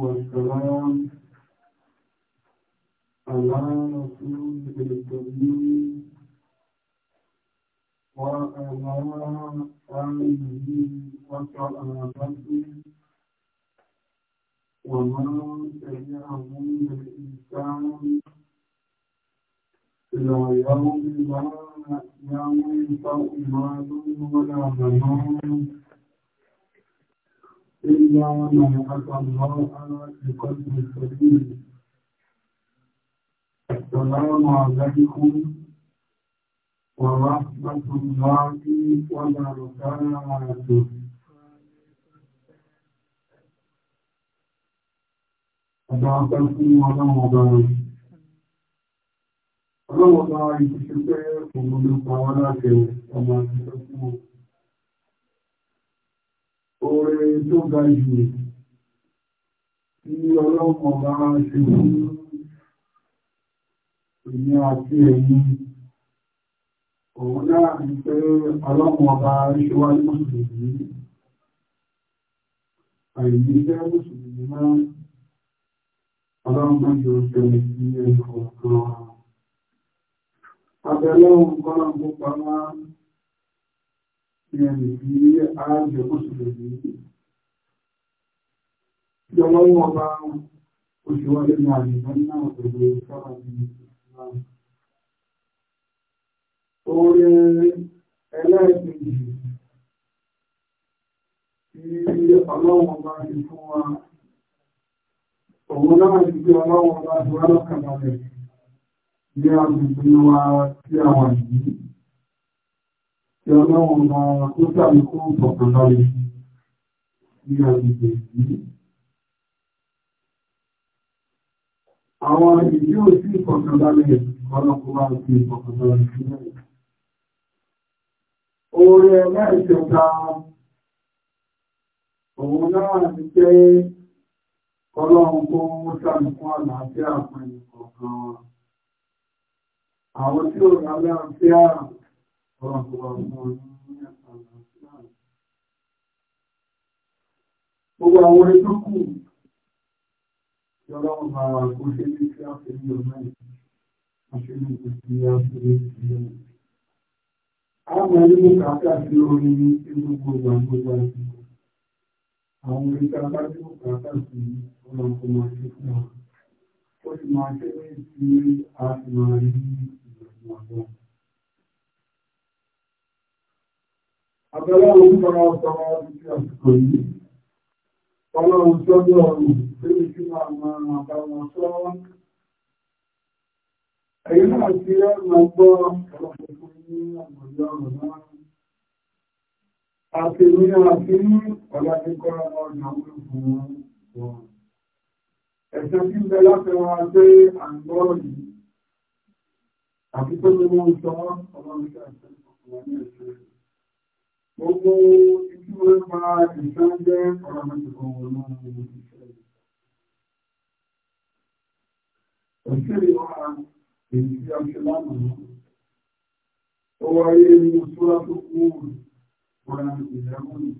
والسلام على رسول الكريم وعلى آله وصحابته ومن تبعهم بالإحسان إلى يوم لا ينفع مال ولا بنون إلا من أتى الله بقلب سليم السلام عليكم ورحمة الله وبركاته Àbáwọ̀ká fún ọlọ́run ọba rẹ̀. Ọlọ́run ọba ìṣẹ́ṣẹ́ pé òun ló pa wọ́n láti ọmọ ìṣẹ́ fún òun tó ga jù tí ọlọ́pọ̀ bá ṣe fún èyí àti èyí òun náà ní pé ọlọ́pọ̀ bá ṣe wá ní mùsùlùmí àìyí jẹ́ mùsùlùmí náà ọlọ́pọ̀ yóò tẹ̀lẹ̀ sí ẹ̀kọ́ kan abẹ́lẹ́wọ̀n kọ́lọ̀ gbogbo àwọn ìrìn tí a jọlọ́wọ́ bá oṣù wọlé ní àyíká náà pẹ̀lú sára ní ìsìnkú orí ẹlẹ́ẹ̀kejì tí ọlọ́wọ́ bá ti fún wa òun náà ti gbé ọlọ́wọ́ bá ti wá lọ́kàbalẹ̀ ní agbègbè wa tí a wà yìí tí ọlọ́wọ́ bá kó sàmì kó ní àwọn ìdí òsí ìfọ̀kànbalẹ̀ ọlọ́pàá ti ìfọ̀kànbalẹ̀ sílẹ̀. Oore ẹlẹ́ẹ̀kẹta òun náà ti jẹ́ ọlọ́run kó ń sàmùkún àlàáfíà fún ìkọ̀ọ̀kan wa. Àwọn tí ó rà láàáfíà ọlọ́pàá fún Gbogbo àwọn ẹjọ́ kù ọlọ́run bá wà kó ṣe ní kí á fi ní ọmọ yìí a ṣe ní kò sí á fi ní ìdílé wọn. àwọn ẹni kàkà àwọn orin tí a bá tí kò kàkà sí ọlọ́run kò máa ṣe fún wa ó sì máa ṣe ní ti a sì máa rí ìrọ̀lú Ọlọ́run tó ní ọrùn lórí tí máa máa máa bá wọn sọ. Ẹ̀yìn náà ti rẹ́ máa gbọ́ ọ̀pọ̀ ní àmọ̀lẹ́ ọ̀rọ̀ náà. Àti ní àti ní ọ̀la ti kọ́ ọ̀nà wúlò fún wọn. Ẹ̀sẹ̀ tí ń bẹ láti wá pé à ń gbọ́ yìí. Àti tó ní wọ́n sọ ọlọ́run tó àti ọkùnrin ní ẹ̀sẹ̀ rẹ̀ gbogbo títí wọ́n pa ìtàn jẹ́ ọ̀rọ̀ mẹ́tẹ̀kọ̀ wọn náà òṣèré wa èyí tí a ṣe lánàá ó wáyé ní ṣúra tó kú ọ̀rọ̀ ìrẹ́mọ̀nì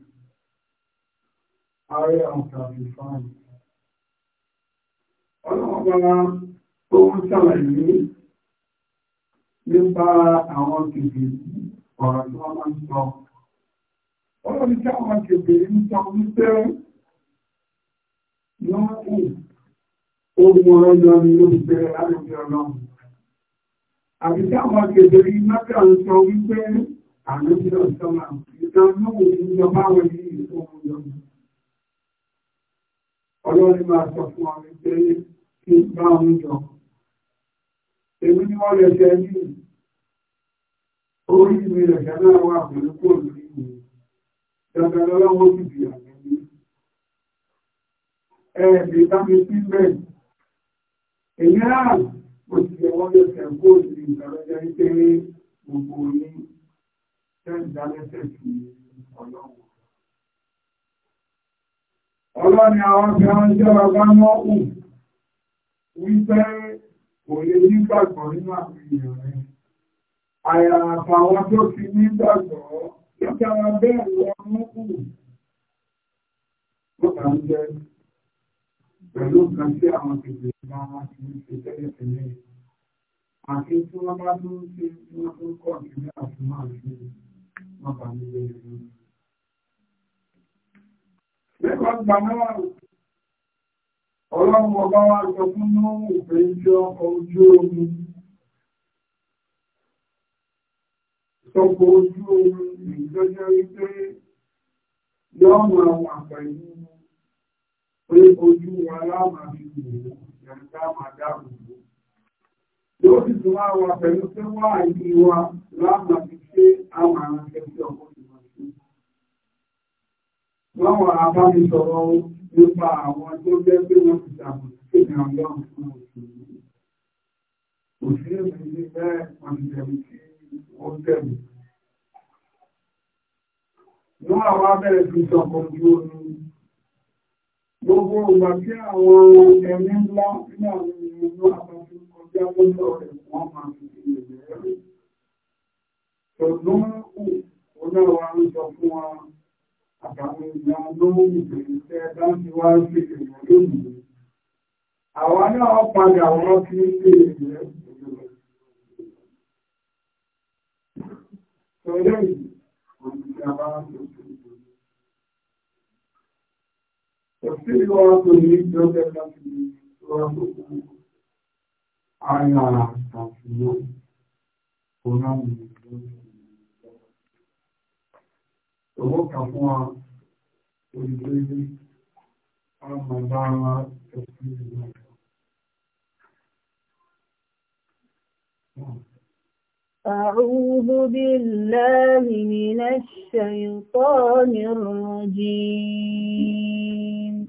ààrẹ àǹtàfi fáàlì ọlọ́ọ̀bára tó ń ṣàlàyé nípa àwọn kèfèé ọ̀rọ̀ tí wọ́n máa ń sọ Ọlọ́run ní káwọn agbègbè ń sọ wípé wọ́n kù ogun ọlọ́yọ ni ó bẹ̀rẹ̀ láàrin ọlọ́run. Àbí káwọn agbègbè rí mẹ́ta ń sọ wípé àlọ́ sí ọ̀sọ́mà ìtàn lóhùn ìjọba wọn ní ìfowó lọ́nà. Ọlọ́run máa sọ fún ọ wípé kí bá ń jọ. Èmi ni wọ́n lè ní orí mi rẹ̀ náà wà pẹ̀lú kò ní dandan lọ́wọ́ ti di àwọn ní ẹ̀ẹ̀dì tàbí sí bẹ́ẹ̀ èyí náà mo ti yẹ wọ́n lè fẹ́ kó sí ìgbàlọ́jọ́ ipé gbogbo ní tẹ́ǹdálẹ́sẹ̀ sí ọlọ́run ọlọ́ni àwọn fi àwọn jọra bá mọ́ ù wípé kò lè nígbàgbọ́ nínú àwọn èèyàn rẹ̀ àyàfà àwọn Ìjọba bẹ́ẹ̀ wọ́n mú kúrò. Ó kà ń jẹ́ pẹ̀lú kan tí àwọn kèfè bá wá ti ń ṣe tẹ́lẹ̀ tẹ́lẹ̀. Àti tí wọ́n bá tún ṣe tí ní àtúmọ̀ àti wọ́n ọjọ́ omi tọ́pọ̀ ojú omi ìjọjọ́ wípé yọ́mọ àwọn àpẹẹlú pé ojú wa láàmà fi wò yàtá máa dáàbòbò yóò sì tún wá wa pẹ̀lú pé wà ní wa láàmà fi ṣe àwọn aránṣẹ́ sí ọkọ̀ ìmọ̀ sí láwọn abánisọ̀rọ̀ nípa àwọn tó jẹ́ pé wọ́n ti ṣàbùkù sí ìrìnàjò àwọn òṣèlú òṣèlú ìlú bẹ́ẹ̀ wọ́n ti tẹ̀lé sí wọ́n tẹ̀lé. Lọ́wọ́ àwọn abẹ́rẹ̀ fi sọ̀kọ̀ ju omi. Gbogbo ìgbà tí àwọn ẹ̀mí ńlá ní àwọn ìlú àbájú kọjá lọ́dọ̀ rẹ̀ wọ́n máa fi ìrẹ̀lẹ̀ rẹ̀. Ṣọ̀dún kù, ó dáwà ń sọ fún wa àtàwọn èèyàn lówó ìbẹ̀rẹ̀ Tẹ̀lé Thank you. أعوذ بالله من الشيطان الرجيم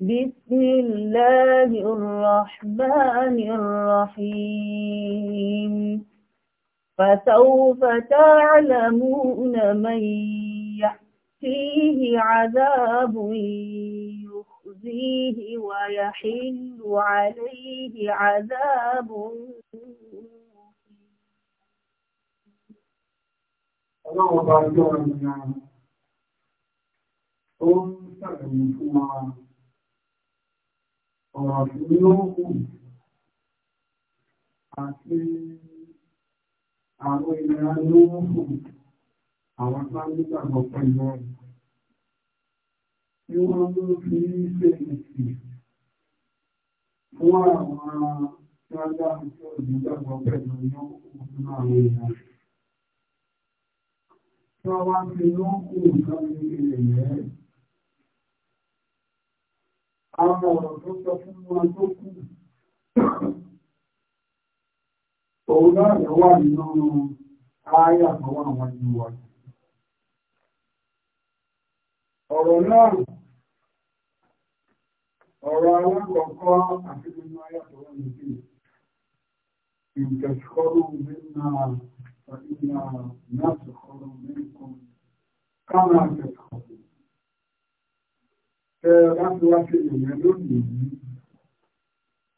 بسم الله الرحمن الرحيم فسوف تعلمون من يأتيه عذاب يخزيه ويحل عليه عذاب ọlọ́run ọba ọjọ́ ènìyàn ó ń sàgbẹ̀yìn fún wa ọ̀rọ̀ tí ó kù àti àwọn ìlera ló ń kù àwọn tá nígbàgbọ́ pẹ̀lú ọ̀rọ̀ tí wọ́n ń fi ṣe ìsìn fún àwọn tí wọ́n dá àti òdìgbàgbọ́ pẹ̀lú ọ̀rọ̀ àwọn ènìyàn tí wọ́n wá ń fi lóńkù nǹkan ní ilẹ̀ yẹn. Àwọn ọ̀rọ̀ tó sọ fún wọn tó kù. Òun náà lọ wà nínú ayé àtọwọ́ àwọn ìlú Ọ̀rọ̀ náà ọ̀rọ̀ alákọ̀ọ́kọ́ àti nínú ayé àtọwọ́ nìkejì. Ìjẹ̀sìkọ́rù فإن الناس خير منكم كما تفعلون láti wá sí ìyẹn lónìí yìí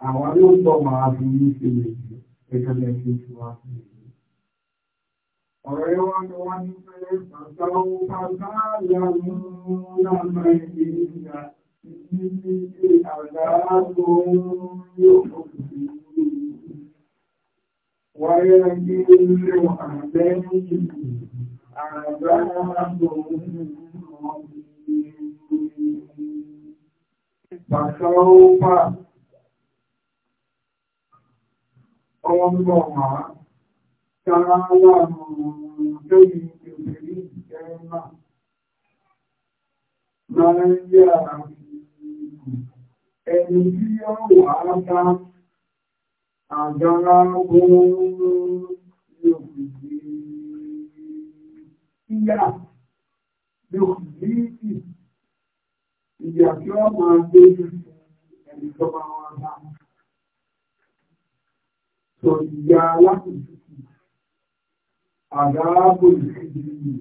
àwọn yóò tọ́ máa fi ní ṣe lè jù gẹ́gẹ́ bí ẹgbẹ́ tí wá sí ìlú. ọ̀rọ̀ yẹn wá ní wá ní pé bàbá ó bàbá yanu lánà ìlera ní ilé àgbà tó ń yóò fòkùn sí ìlú. ويجيب عليهم عذاب فسوف الله تعالى جيد في الجنة من يعلم أن يوعى àjọ̀lọ́gbò lòkùnjì ìyà lòkùnjì ìyà tí ó máa gbé ẹni tó bá wọn bá sọ ìyà alákùnjì àdáàbò ìfìdí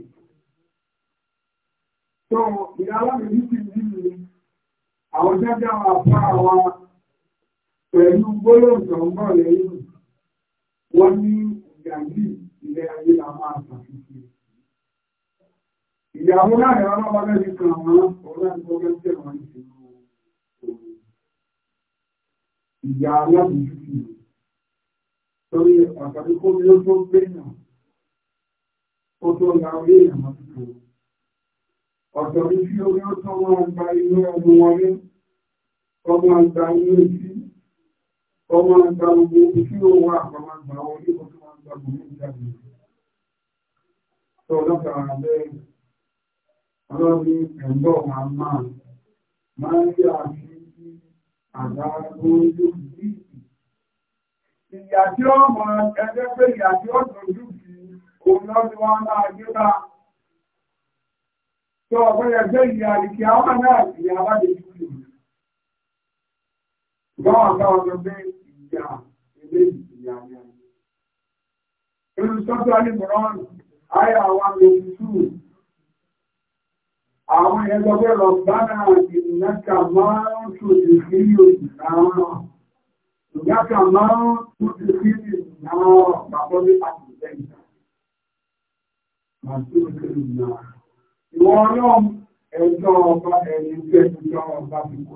Àwọn jẹ́jẹ́ àwọn àpá àwọn pẹ̀lú gbólóǹtọ̀ ń bọ̀ lẹ́yìn wọ́n ní ìyàgbì ilẹ̀ ayé la máa ṣàfihàn ìyàwó láàrin ọmọ ọmọdé ti kàn wọ́n ọlọ́dúnwọ́gbẹ́ tí wọ́n ti mú ìyá alábòjútì torí pàtàkì kó ní ó tó gbéyàn ó tó la orí èèyàn tuntun ọ̀tọ̀ ní tí orí ó tó wọn gba inú ẹnu wọn ní ọmọ àgbà inú etí ọmọ àgbà owó tí ó wà àwọn àgbà wọn ní ọdún wọn àgbà wọn ní ìjàgbé tó lọ́pàá abẹ́ ọlọ́bí ẹ̀ńbọ̀ máa máa máa ń yà sí àgbà ojú sí ìyà tí ó mọ ẹgbẹ́ pé ìyà tí ó dojú sí òun lọ́dún wọn máa gbé bá tó ọgbẹ́ ẹgbẹ́ ìyà àdìkì àwọn náà ìyà bá lè dúró. Gbọ́n àgbà ọ̀gbẹ́ ìjà ilé ìjìyà ni. Inú sọ́tọ́ alìmọ̀rán, ayé àwọn lòdì tù. Àwọn ẹgbẹ́ lọ bá náà ìnáka márùn-ún tó ti fi òjì náà. Ìnáka márùn-ún tó ti fi òjì náà bàbọ́ ní àtìlẹ́ ìjà. Ìwọ̀n ọlọ́run ẹjọ́ ọba ẹni tẹ́ ìjọ ọba fi kó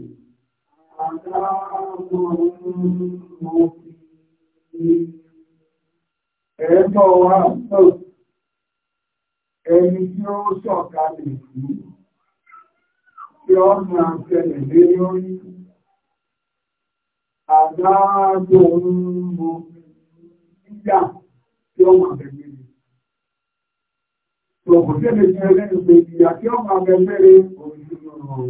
Ẹ̀ẹ́bọ̀ wa tó ẹni tí ó sọ̀kalẹ̀ fún tí ó máa tẹ̀lẹ̀ lé lórí àdáàgbò mú nígbà tí ó máa bẹ̀rẹ̀ rẹ̀. Tòkùn tí ó lè jẹ́ ẹlẹ́nu pé ìyà tí ó máa bẹ̀rẹ̀ rẹ̀ òun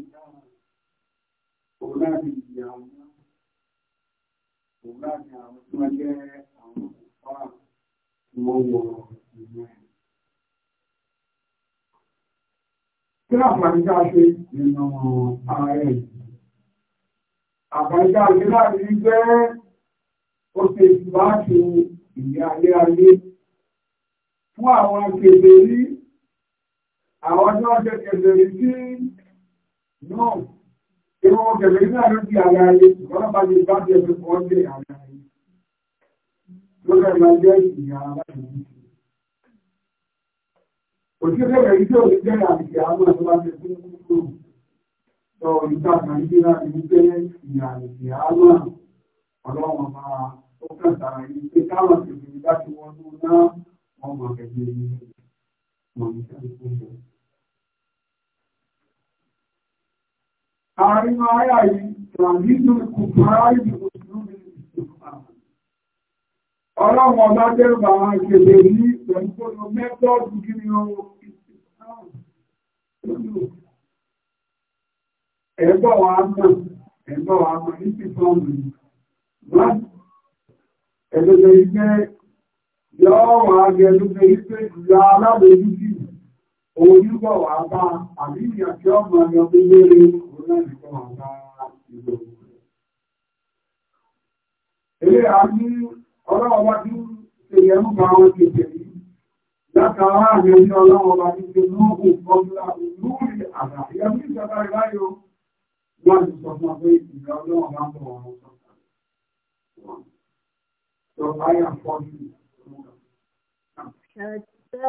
òun náà ni ìyàwó òun náà ni àwọn tí wọ́n jẹ́ àwọn ọ̀pá tí wọ́n wọ ìlú ẹ̀. Kí ni àǹfààní ká ṣe nínú ààrẹ yìí? Àǹfààní ká ṣe láti rí pé ó ṣe ìbáṣe ìyá ayé ayé fún àwọn akèbèrí àwọn tí wọ́n jẹ́ kèbèrí sí náà. Ìwọ̀n ọ̀gẹ̀rẹ̀ ní àárín bí ara ayé, ìwọ́n bá lè bá bí ẹgbẹ̀ kan jẹ́ ara ayé. Lọ́gbà máa jẹ́ ìyá aláìsí. Òṣèré rẹ̀ yìí tí ò ní jẹ́ àbìkì àwọn àti bá ti fún kúrò. Sọ ìta Nàìjíríà ní wípé ìyá àbìkì àwọn ọlọ́wọ̀n máa ó kàn sára yìí àárín ayá yìí tàbídù kùfàáìdì òṣìlúbì ọlọ́wọ̀n bá dẹ́rùbà wọn kèbè ní pẹ̀lú mẹ́tọ́ọ̀dù kí ni ó ẹ̀gbọ́ wa mọ̀ ẹ̀gbọ́ wa mọ̀ ní ti fọ́ọ̀mù wọ́n ẹ̀lẹ́gbẹ̀ ìgbẹ́ yọ́ wà gẹ̀lúgbẹ̀ ìgbẹ́ ìyá alábòójútì òun yúbọ̀ wà bá àbí ìyàtí ọmọ ẹ̀yọ́ gbogbo Ilé àmì ọlọ́wọ́ bá tí ṣe yẹ̀rù bá wọn ti tẹ̀lé látara àmì ní ọlọ́wọ́ bá ti ṣe lóòkù kọjúlá lórí àgbà. Ìyẹ̀mí ìjọba ìráyọ wọ́n ti sọ fún ọgbẹ́ ìgbà ọlọ́wọ́ bá ń bọ̀ wọn sọ حتى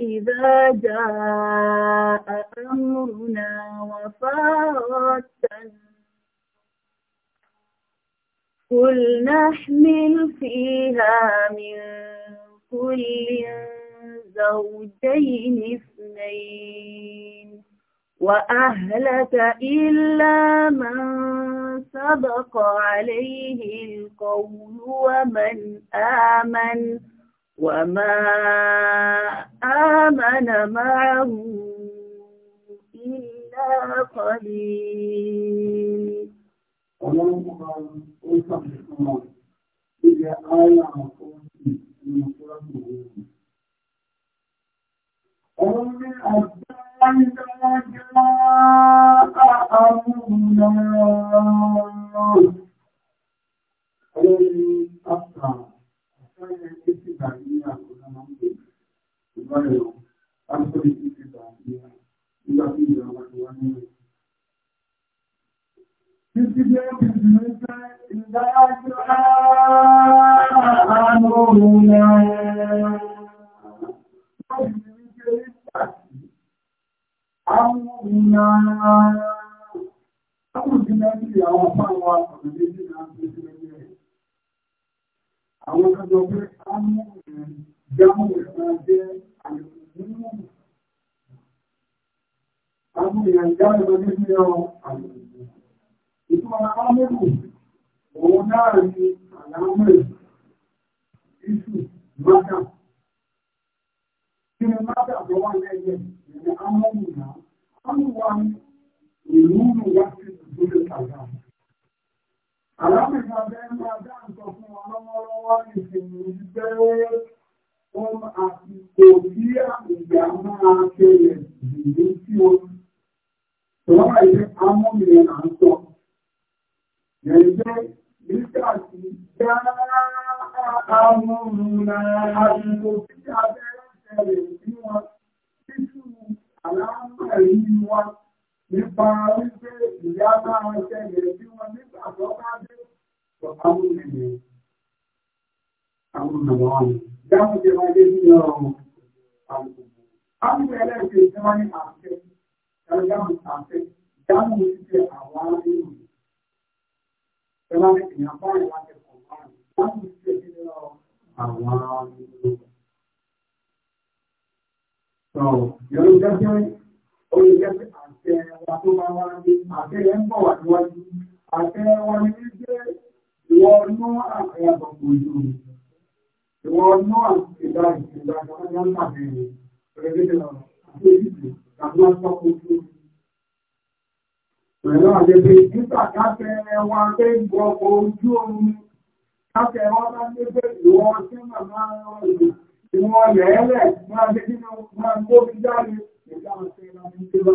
إذا جاء أمرنا وفارت قل نحمل فيها من كل زوجين اثنين وأهلك إلا من سبق عليه القول ومن آمن وما آمن معه إلا قليل قل أبدا جاء أمرنا قل أبدا Àwọn òṣìṣẹ́ ìyàwó fáwọn àpàdé ní àpẹẹrẹ àwọn ọjọ́ pé ámú ìjámù eh, ìrìnà jẹ́ àìsàn ámú ìrìnàjá ìrìnàjá ní ọ àìsàn ìtumọ̀ ámúrù òun náà ni àlámù ìṣù mátà kí ni mátà tó wà lẹ́yẹ ìrìn ámúrù náà ámúrù wa ni ìlú ìwádìí ìdúró àgbà Àlámìta bẹ́ẹ̀mà dáǹtọ̀ fún ọlọ́mọlọ́wọ́ ìsinmi gbẹ́ wọn àti kò bí ìgbà máa kéré ìlú tí ó tọ́lá ilé amóhìnrin à ń sọ. Yẹ̀yẹ́ nígbà tí dáadáa amóhùnrin àdìgbò tí abẹ́rẹ́ tẹ̀lé sí wọn títú nípa wípé ìyá máa ṣẹlẹ̀ bí wọ́n nígbà tó bá dé àwọn ènìyàn àwọn ọmọ wọn dáhùn jẹ́ wáyé ní ọrùn àwọn àwọn ẹlẹ́gbẹ̀ẹ́ tí wọ́n ní àṣẹ ẹlẹ́gbẹ̀ẹ́ àṣẹ dáhùn ní ṣe àwọn aráàlú ẹ̀rọ ènìyàn bá ìwà kẹkọ̀ọ́ wọn dáhùn ṣe àwọn aráàlú. So, jẹ́ ẹ̀wà tó máa wá ní àtẹ́yẹ ń bọ̀ wà níwájú àtẹ́yẹ wọn ni wípé ìwọ̀nú àkẹyàbọ̀ ojú ìwọ̀nú ìdá ìgbà ìjọba ń tàbí rẹ̀ àti èdè tàbí wọn sọ ojú pẹ̀lú àdébé nígbà káfẹ́ wa pé gbọ́kọ̀ ojú omi káfẹ́ wa bá dé pé ìwọ tí màmá rọrùn ìwọ rẹ̀ ẹlẹ̀ máa dé nínú máa gbó fi jáde ìjà àti ìlànà ìjọba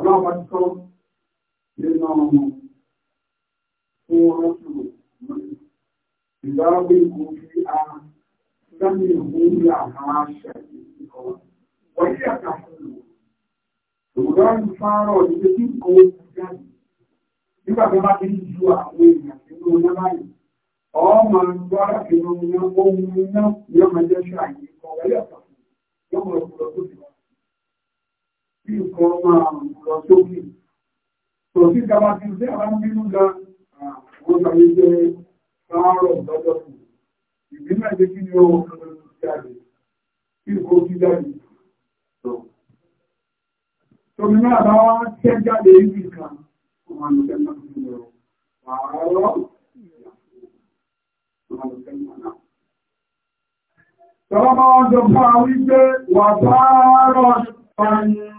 ọlọ́pàá ti sọ nínú ọmọ fún ọlọ́pàá ìgbàláwé kò fi a sẹ́mi ìwúrí àwọn aṣẹ ìkọ́ wọ́n yí àtàkùn òwúrọ̀ ń fárọ̀ níbi tí nǹkan ó kú jáde nígbà tó bá ti ń ju àwọn èèyàn nínú iná báyìí ọmọ gbọ́dọ̀ kìnnìún kí nǹkan máa lọ sókè tò sí kaba ti ṣe àwọn bínú ga àwọn sàrí jẹ́ sáárọ̀ lọ́jọ́ fún ìbílẹ̀ jẹ́ kí ni ó jáde kí nǹkan ti jáde tòmí náà bá wá tẹ́ jáde ibi kan ọmọ àlùfẹ́ náà ti lọ àárọ̀ ọmọ àlùfẹ́ náà Tọ́lọ́mọ́ ọjọ́ fún àwọn ìgbé wà sáárọ̀ ọ̀yìn.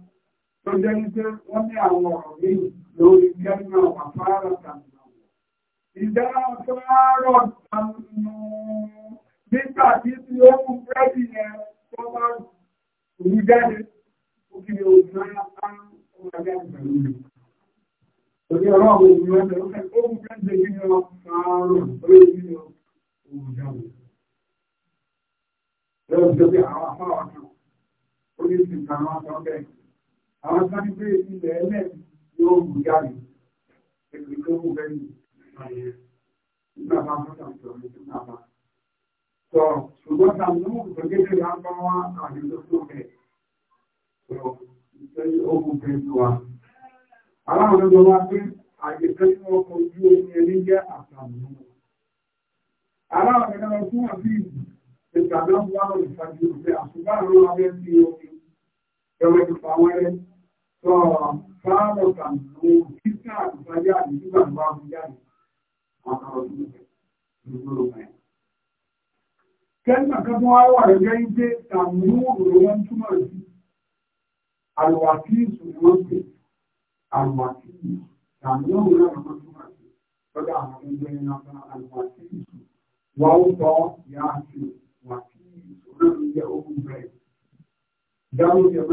tó jẹ́ wípé wọ́n ní àwọn ọ̀rọ̀ míì lórí kẹ́mà àfárá tàbí ìdá àfárá tàbí nígbà tí tí ó mú búrẹ́dì yẹn tó bá rú jáde ó kí ni òun náà á ń wọlé àgbẹ̀rù rẹ̀. Torí ọlọ́run àwọn tó ń gbé ilẹ̀ ẹlẹ́ yóò mú jáde èmi tó mú bẹ́ẹ̀ ni nígbà bá mú tàbí ọ̀rẹ́ tó náà bá. sọ ṣùgbọ́n tàbí mú ìtọ́jẹ́jẹ́ yà ń bá wá àdúgbò tó bẹ̀ sọ ìtẹ́jẹ́ ogun bẹ́ẹ̀ tó wa. aláwọn ọ̀dọ́ wa pé àgbẹ̀fẹ́ tí wọ́n kọ omi ẹni sọ káàrọ̀ kàǹtó títà ìtajà nígbà tó bá fi jáde wọn kà lọ sí ìgbòho báyìí. kẹ́ńtà kan tó wá wà lọ́jọ́ yìí pé tàmílù òrò wọn túmọ̀ sí àlùwàkíìsù ni wọ́n pè àlùwàkíìsù tàmílù òrò wọn túmọ̀ sí lọ́dọ̀ àwọn ẹgbẹ́ iná fún àlùwàkíìsù wọ́n tọ́ yáa sí wàkíìsù náà ń jẹ́ ogun bẹ́ẹ̀ dáhùn jẹ́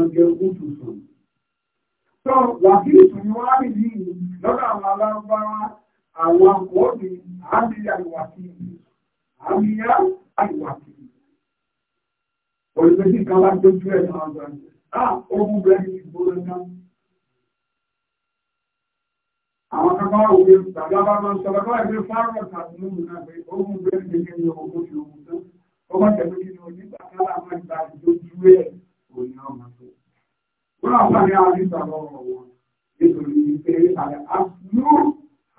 tó wàkílìtù ni wọ́n á rí ní ìlú lọ́dọ̀ àwọn alágbára àwọn akọ́ọ̀dì àbíyá ìwàkílì àbíyá ìwàkílì olùgbèsì kan bá tójú ẹ̀ náà gbà ah ogun bẹ́ẹ̀ ni ìgboro náà àwọn akọ́kọ́ òwe tàbí abáwọn sọ̀rọ̀ bá ẹgbẹ́ fáwọn tàbí lóhùn náà pé ogun bẹ́ẹ̀ ni kékeré ní owó ti ogun tán ó bá tẹ̀lé kí ni onígbà kan láwọn ìgbà ẹ̀ òní ọmọ Wọ́n àpàdé àárín ìgbàlọ́ ọ̀rọ̀ wọn nítorí pé àlẹ́ àbúrò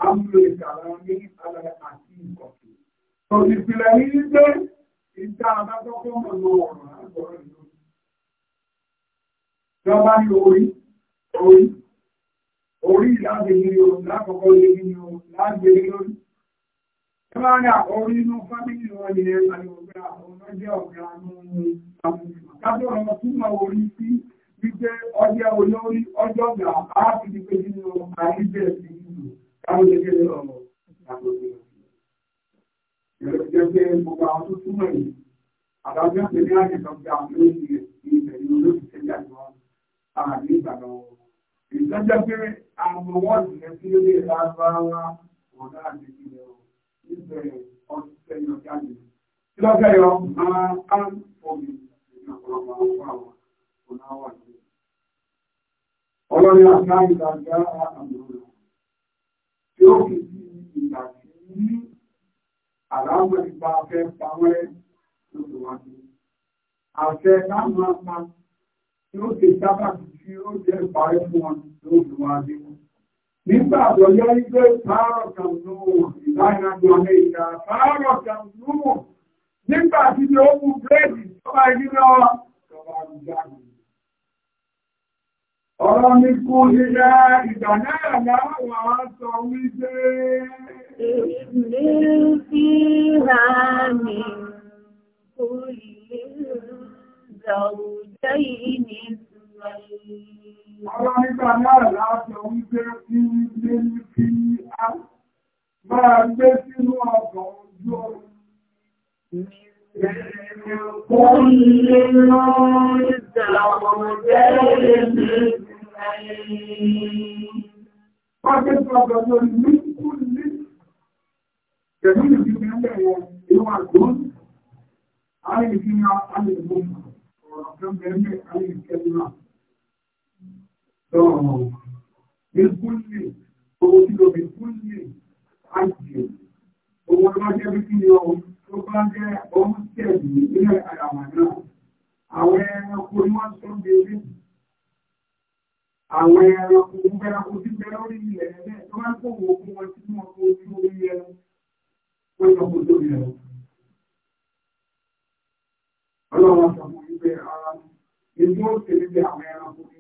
àbúrò ìgbàlọ́ ní alẹ́ àti ìkọ̀kì. Tòṣì ìpìlẹ̀ ní wípé ìta àbákọ́kọ́ mọ̀ lọ ọ̀rọ̀ àgbọ̀rọ̀ ìlú. Ìjọba ní orí, orí, orí láti ní o lákọ̀ọ́kọ́ lé ní o láti lé lórí. Ìjọba ní àkọ́rí inú fámìlì wọn ni ẹ̀ wípé ọjọ́ olórí ọjọ́ gbà á fi di pé nínú àìjẹ́ sí ìlú káwọn ọ̀rọ̀ ìyàgbọ́gbé jẹ́ pé gbogbo àwọn tó àjẹ́ kan àwọn olóyìn rẹ̀ ní tẹ́lẹ̀ àjọ àwọn wọ́ọ̀dù yẹn tí ọdún sẹ́yìn ọjà jù kí lọ́jọ́ yọ máa ń fọ́ àwọn ọ̀pọ̀ àwọn ọlọ́rin àkáàrí ìdájá àmàlò tí ó fi sí ìgbà tí ní àlámọ̀ ìgbà afẹ́ pàwẹ́ lóṣù wá ní àṣẹ láàmú apá tí ó ti sábàbí tí ó jẹ́ ìparí fún wọn lóṣù wá ní nígbà tó yẹ pààrọ̀ kan lóhùn ìlànàjò amẹ́ríkà pààrọ̀ kan nígbà tí ó mú bírèdì tó Ọ̀rọ̀ mi kú nílá ìgbà náà láwàá sọ wípé èmi fi ra mi kò lè gbàwòjẹ́ yìí ní fi á máa gbé sínú ọkọ̀ ojú ọ̀rọ̀. كل زوجين Pàtẹ́ pàtàkì lórí ní kúlé, pẹ̀lú ìfihàn ẹ̀wọ̀n inú àgbọ́n, ààrẹ ìfihàn alẹ́ ìgbọ́n, ọ̀rọ̀ kan bẹ̀rẹ̀ alẹ́ ìkẹ́lá. Tọ́ọ̀rọ̀, ní kúlé, owó tí lọ bí kúlé, àjẹ́, owó lọ́jẹ́ bí kí ni ọ̀rọ̀ tó bá jẹ́ ọmọ tẹ̀lú nílẹ̀ àràmà náà àwọn ẹranko ni wọ́n tó bèèrè àwọn ẹranko ń bẹ́ra ojú bẹ́rẹ̀ orí ilẹ̀ ẹ̀lẹ́ tó bá kó wo fún wọn tí wọ́n kó ojú orí ẹran tó yọ kó tó yẹ ọlọ́run sọ fún mi pé ara ìgbó òṣèlú bí àwọn ẹranko ní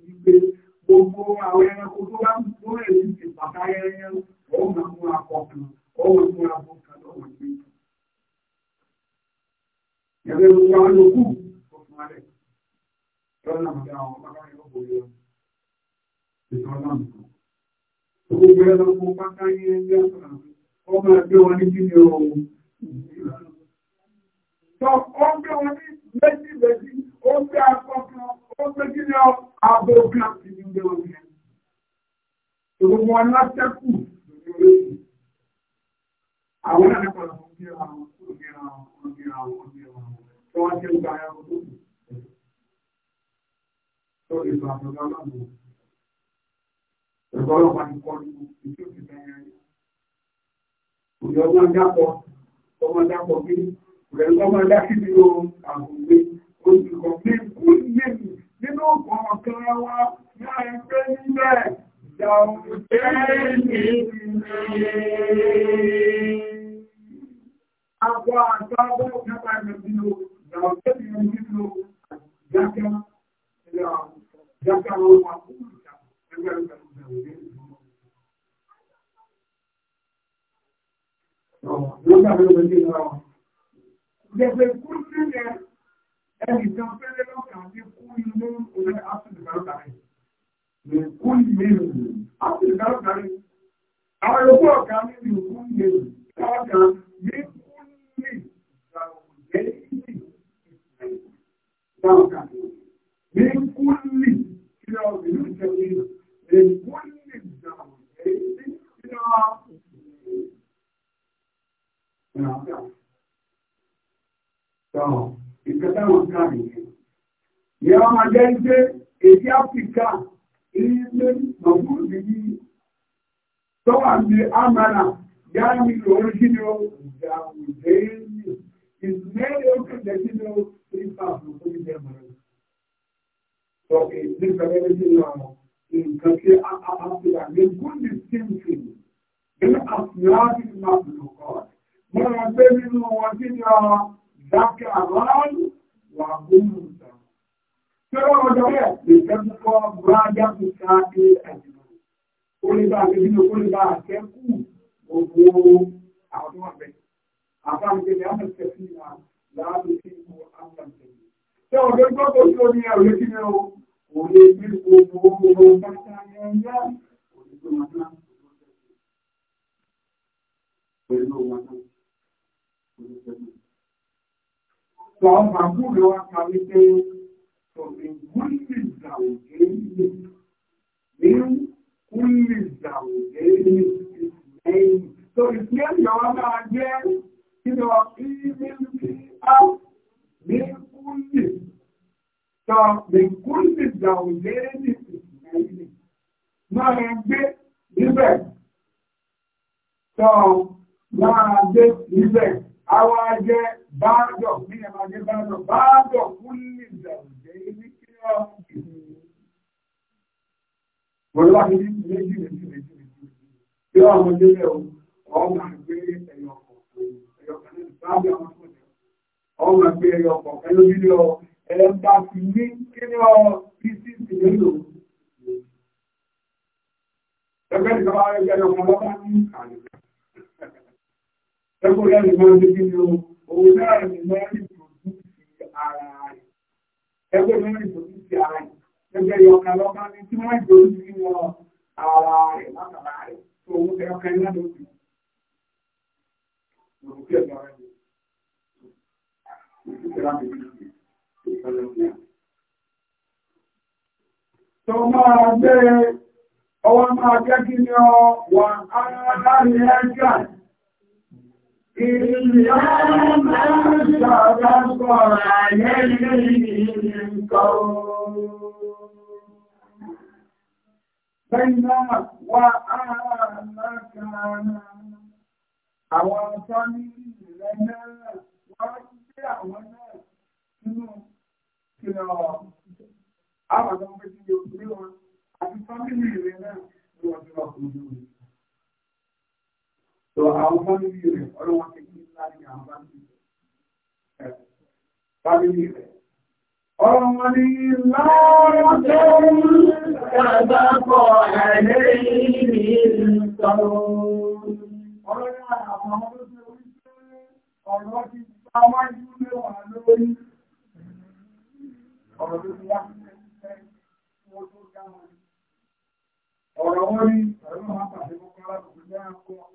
ذكران وأنثى Fẹ́rọ ọjọ́ rẹ̀ lè tẹ́kùkọ́ Bùrájá ti ká ní ẹ̀jìnà. Ó lè bá àti nínú ó lè bá àtẹ́kù gbogbo àwọn ọ̀bẹ̀. Àbáǹkẹ́ ni a mọ̀ tẹ̀ sí ìlà láàrín sí ìlú Àbáǹkẹ́. Ṣé ọ̀dọ́ gbọ́dọ̀ tó ní ẹ̀rọ Àwọn bàbú rẹ̀ wá ka wípé ọ̀rẹ́ wúlì ìdàwòdé ní ní wúlì ìdàwòdé ní ìsìnlẹ́yìn. So ìsìnlẹ́yìn wa máa jẹ́ kí lọ sí mílíọ̀nù á ní wúlì. So ní wúlì ìdàwòdé ní ìsìnlẹ́yìn. Máa gbé níbẹ̀. So máa gbé níbẹ̀. Àwọn ajẹ́ báàdọ̀ ní ẹ̀mà jẹ́ báàdọ̀ báàdọ̀ fún lìdà òjẹ́ ilé kí ó kìí. Wọ́n lọ́wọ́ kí ní méjì méjì méjì méjì. Kí ó àwọn ilé ẹ̀ ọmọ àgbé ẹ̀yọ̀ kọ̀ọ̀kan ẹ̀yọ̀ kan ní ìgbàgbé àwọn tó jẹ́. Ọmọ àgbé ẹ̀yọ̀ kọ̀ọ̀kan ló nílò ẹ̀ẹ́dá fi ní kí ni ọ fi sí ìsìnkú lò. Ẹgbẹ́ ìjọba ẹgbẹ́ ọmọ lọ́wọ́ ní àyè Ẹgbẹ́ láti máa ní kí ni o, òun náà ni máa ní ìtòjúsí ara rẹ̀. Ẹgbẹ́ máa ní ìtòjúsí ara rẹ̀. Ẹgbẹ́ yọkan lọ́kàn ní tí wọ́n ìtòjúsí wọn ara rẹ̀ látara rẹ̀. Tó owó tẹ ọkàn iná ló sì. Òkú ẹ̀dọ̀ rẹ̀ ni. Òkú ẹ̀dọ̀ rẹ̀ ni. Ìfẹ́lẹ́ ni. ọwọ́ máa jẹ́ kí ni ọ wà á láàrin ẹgbẹ́ Bẹ́yìnàmà wá ààrùn àwọn ọ̀tọ́ ní ìrìnlẹ̀ náà wọ́n ti gbé àwọn náà nínú kìlọ̀ àwọn ọmọ ìgbẹ̀rẹ̀ wọn àti fọ́nmìlì ìrìnlẹ̀ náà lọ́wọ́ tí wọ́n kò jù rí. So àwọn fámìlì rẹ̀ ọlọ́wọ́n ti kí láti àwọn fámìlì rẹ̀. Fámìlì rẹ̀. Ọmọ ni láàrín tó ń kàbàkọ̀ àlẹ́ ìrìn ìtọ́rọ. Ọlọ́rin àwọn ọmọ tó ṣe orí pé ọ̀rọ̀ ti bá wájú lẹ́wà lórí. Ọ̀rọ̀ tó ti wá sí ẹgbẹ́ wọn tó dáwọn. Ọ̀rọ̀ wọn ni, ọ̀rọ̀ wọn pàṣẹ kọ́kọ́ láti fi jẹ́ àkọ́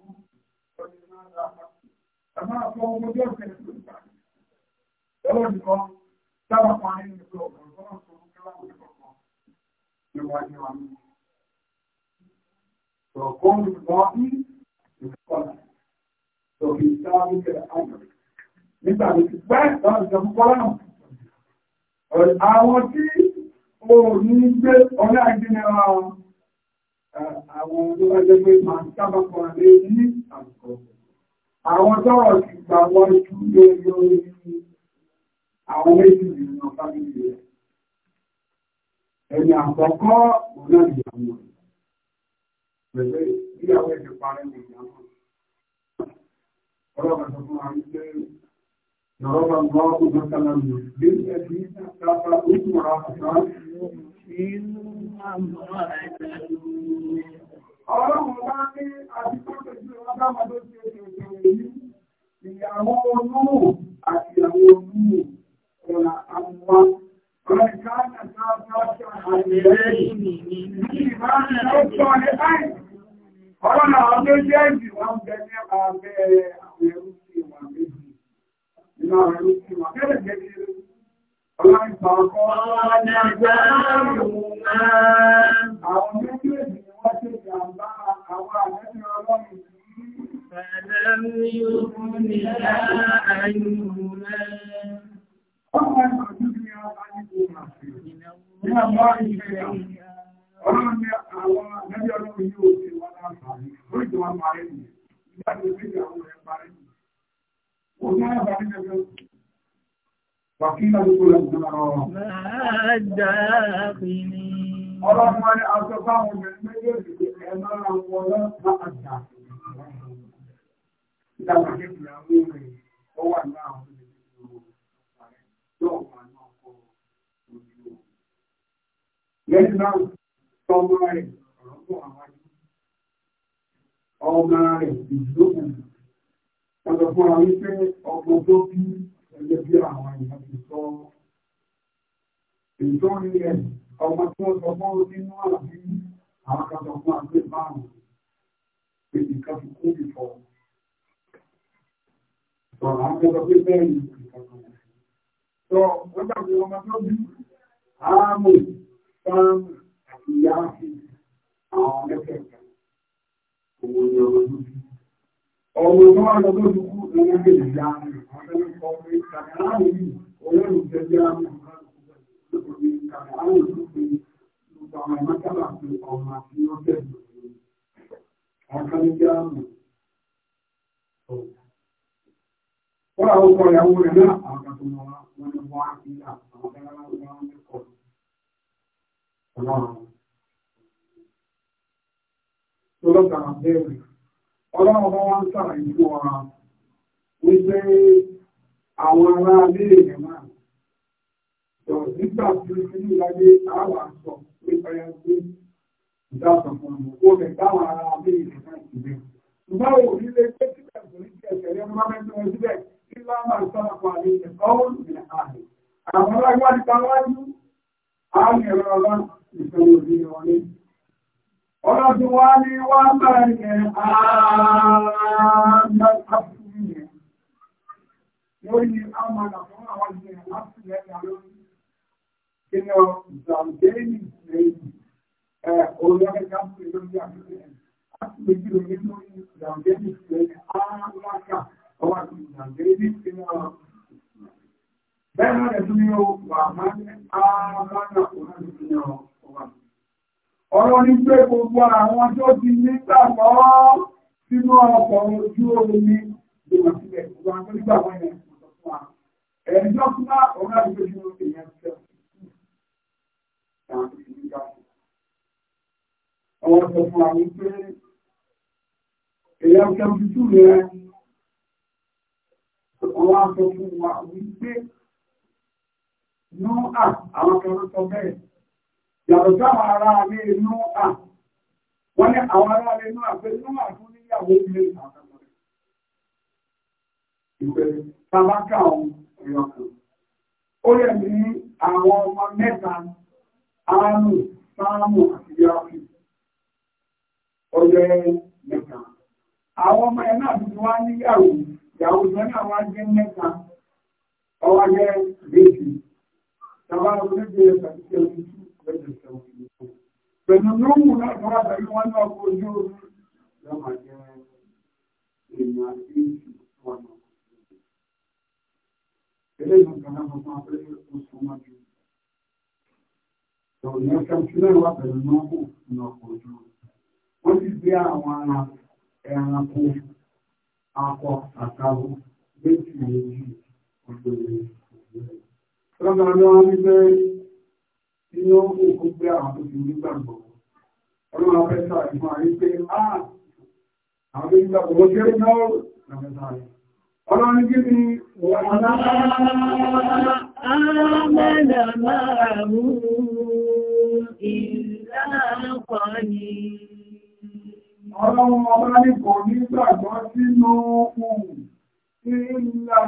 àmọ́ àpọ̀ ọmọdé ọ̀sẹ̀ ní ìlú ìgbà lọ́wọ́ nìkan dábàá kan nínú ìlú ọ̀gbọ̀n tó ń sọ fún kíláàmù kọ̀ọ̀kan ní wọ́n ní wọn ní. Sọ̀kún ìwọ́n ní ìkọlà. Sọ̀kì ìsáàmù kẹrẹ àjọ. Nígbà tó ti pẹ́ lọ́wọ́ ìjọ fún kọ́lá Àwọn tí o ní gbé ọlá ìdíni ara wọn, àwọn olówó ẹgbẹ́ pé màá sábà kan lé ní àbùkọ̀ọ̀kọ̀ àwọn tọ́rọ̀ ti gbà wọ́n tú lé lórí àwọn méjì ìrìnà fábílì rẹ̀ ẹni àkọ́kọ́ òun náà ìyàwó pẹ̀lú ìyàwó ẹ̀jẹ̀ parẹ́ ní ìyàwó ọlọ́pàá sọ fún wa wípé Yọ̀rọ̀bà ń gbọ́ ọkùnrin mọ́sánà mi, bí ẹbí sáfà ó tún ra ọ̀sán. Ọlọ́run bá ní àti tó tẹ̀sí ọlọ́pàá tó ti ẹ̀kẹ́ ìyàwó olúwò àti ìyàwó olúwò ọ̀rà àmúwá. Ọ̀rẹ́káàkà sáàkà àyẹ̀rẹ́ ìrìnì ní ìbáraẹ̀ lọ́pọ̀ ní báyìí. Ọlọ́nà àwọn tó jẹ́ ìjìwọ́n bẹ ní ààbẹ̀ àwọn ẹrú sí wà méjì. Nínú àwọn ẹrú sí wà kẹ́lẹ̀ jẹ́ kí Ọlọ́run ìpàkọ́ ọ̀nà ìgbàlùmọ́. Àwọn méjì èdè ni wọ́n ṣe jàmbá àwọn àmẹ́sìn ọlọ́run فلم يغنها عنهما من الله شيئا Ọlọ́run ní àwọn ẹgbẹ́ ọlọ́run yóò ṣe wọ́n láǹfààní, ó ìjọba máa rẹ̀ nìyẹn, ìgbà tó ṣe ìyàwó rẹ̀ máa rẹ̀ nìyẹn. Òṣèlú àbárí ẹgbẹ́ wàkílá ló kó lọ́dún náà. Máa dáa kìíní. Ọlọ́run máa ní aṣọ báwọn ọmọ ẹgbẹ́ yóò ṣe ẹ̀ máa wọ́n lọ́ láti ṣe ìyàwó rẹ̀ ó wà ní àwọn olùdíje ààrẹ yóò wà ní ọkọ̀ ojú o. lẹ́yìn náà tọ́mọ rẹ̀ ọ̀rọ̀ bọ̀ àwájú ọmọ rẹ̀ ìdókòwò ọ̀dọ̀ fún wa wípé ọgbọ̀n tó bí ẹgbẹ́ bí àwọn èèyàn ti sọ èyí tó ń yẹ ọmọ tí wọ́n sọ mọ́ nínú àlàyé àwọn kan fún àgbẹ̀ márùn-ún èyí kan fi kú ìfọ̀ọ́ àwọn ọmọ pé bẹ́ẹ̀ ni sọ wọ́n gbàgbé ọmọ tó bí ààmù sáàmù àti yáàfì àwọn mẹ́fẹ̀ẹ̀ta òun ni ọmọ tó bí ọmọ tó wà lọ lórí kú lọ́wọ́ lè yá àwọn ẹni kọ́ pé kàkàláàmù yìí olóòrùn jẹ́ yáàmù nítorí kàkàláàmù tó pé gbogbo àwọn ìmọ̀tàlá pé ọmọ àti ọjọ́ ìgbòho ọ̀kan yáàmù wọ́n wọn ní wọ́n á wípé àwọn ará abẹ́rẹ́ rẹ̀ náà tọ̀ nígbà tí ó ti ní ìlàjẹ́ àwọn àṣọ nípa ẹni pé ìdáàbò fún ọmọ kó ará abẹ́rẹ́ rẹ̀ náà ti bẹ̀rẹ̀ ṣùgbọ́n òbí lè síbẹ̀ إلا ما سبق القول من أهله àwọn alágbàdì tàwájú àmì ọ̀rọ̀lá ìṣòwòdí ọ̀lẹ́ ọlọ́dún wá ní wá bẹ̀rẹ̀ ààrẹ lórí àmàlà fún àwọn ìṣẹ̀lẹ̀ láti lẹ́gbà lórí kí ni ọ zàndéèlì lẹ́yìn olórin káàkiri lórí àmì Ọ̀rọ̀ ni pé gbogbo àwọn tó ti nígbàgbọ́ sínú ọkọ̀ ojú omi gbogbo sílẹ̀ gbogbo àwọn tó nígbàgbọ́ ìrìn àti ọ̀sán fún wa. Ẹ̀ẹ́jọ́ fún wa, ọ̀rọ̀ àti ojú omi èèyàn ti sẹ́wọ̀n. Àwọn tó Àwọn aṣọ fún wa wípé Núà àwọn kan sọ bẹ́ẹ̀. Yàtọ̀ sáwọn ará ní Núà. Wọ́n ní àwọn ará ní Núà pé Núà fún níyàwó ilé ìtàkàmọ̀ rẹ̀. Ìgbẹ́ tábákà ọ̀hún ẹ̀yọ̀ kan. Ó yẹ ní àwọn ọmọ mẹ́ta, Áánù, Sáàmù àti Yáàfì. Ó yẹ mẹ́ta. Àwọn ọmọ ẹ̀ náà tuntun wá níyàwó yìí ìyàwó ìyẹn náà wá jẹ́ mẹ́ta ọwọ́ jẹ́ méjì tàbá olóògbé pẹ̀lú ẹni tí lẹ́jọ sẹ́wọ̀n ìlú fún pẹ̀lú lóhùn náà tó wà pẹ̀lú wọn náà kó ojú omi lọ́mà jẹ́ èèyàn àti èsì wọn náà ilé ìgbọ̀ngàn náà mo máa fẹ́ kó súnmọ́ ju ìròyìn ẹ̀ka tí lẹ́yìn wà pẹ̀lú lóhùn náà kó ojú omi wọ́n ti gbé àwọn ẹranko akọ àtàwọ̀ méjì méjì ọdún ìgbẹ̀rẹ̀. Lọ́gbà lọ wípé tí ó kú kú pé àwọn tó ti nígbàgbọ́. Ọlọ́run afẹ́sà ìfún àrí pé máa àwọn tó nígbàgbọ́ wọ́n kéré náà lọ́fẹ́sà rẹ̀. Ọlọ́run kí ni wọ́n Àmàlà máa mú ìlànà kan yìí. Ọlọ́run ọba ní kò ní gbàgbọ́ sínú ohun ìlà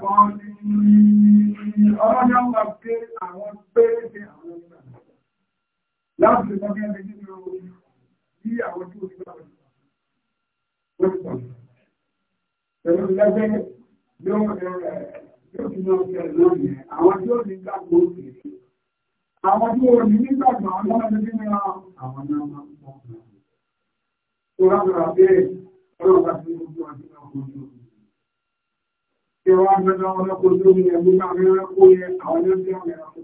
kan ní ọlọ́jọ́ wà pé àwọn péréte àwọn ìgbà. Láti lọ́gẹ́ bí nínú bí àwọn tó ti gbàgbọ́. Pẹ̀lú lẹ́gbẹ́ yóò ti lọ sẹ̀ lónìí, àwọn tí ó ní gbàgbọ́ òkè. Àwọn tí ó ní nígbàgbọ́ ọlọ́run ní àwọn náà máa ń pọ̀ náà látara bẹ́ẹ̀ ọlọ́pàá ti ní gbogbo àti ọkọ̀ ojú omi. Ṣé wá gbẹ́dọ̀ ọlọ́pàá ojú omi ẹ̀mí náà ní ẹranko yẹ àwọn ní ọjọ́ ìrìn àti tó kù.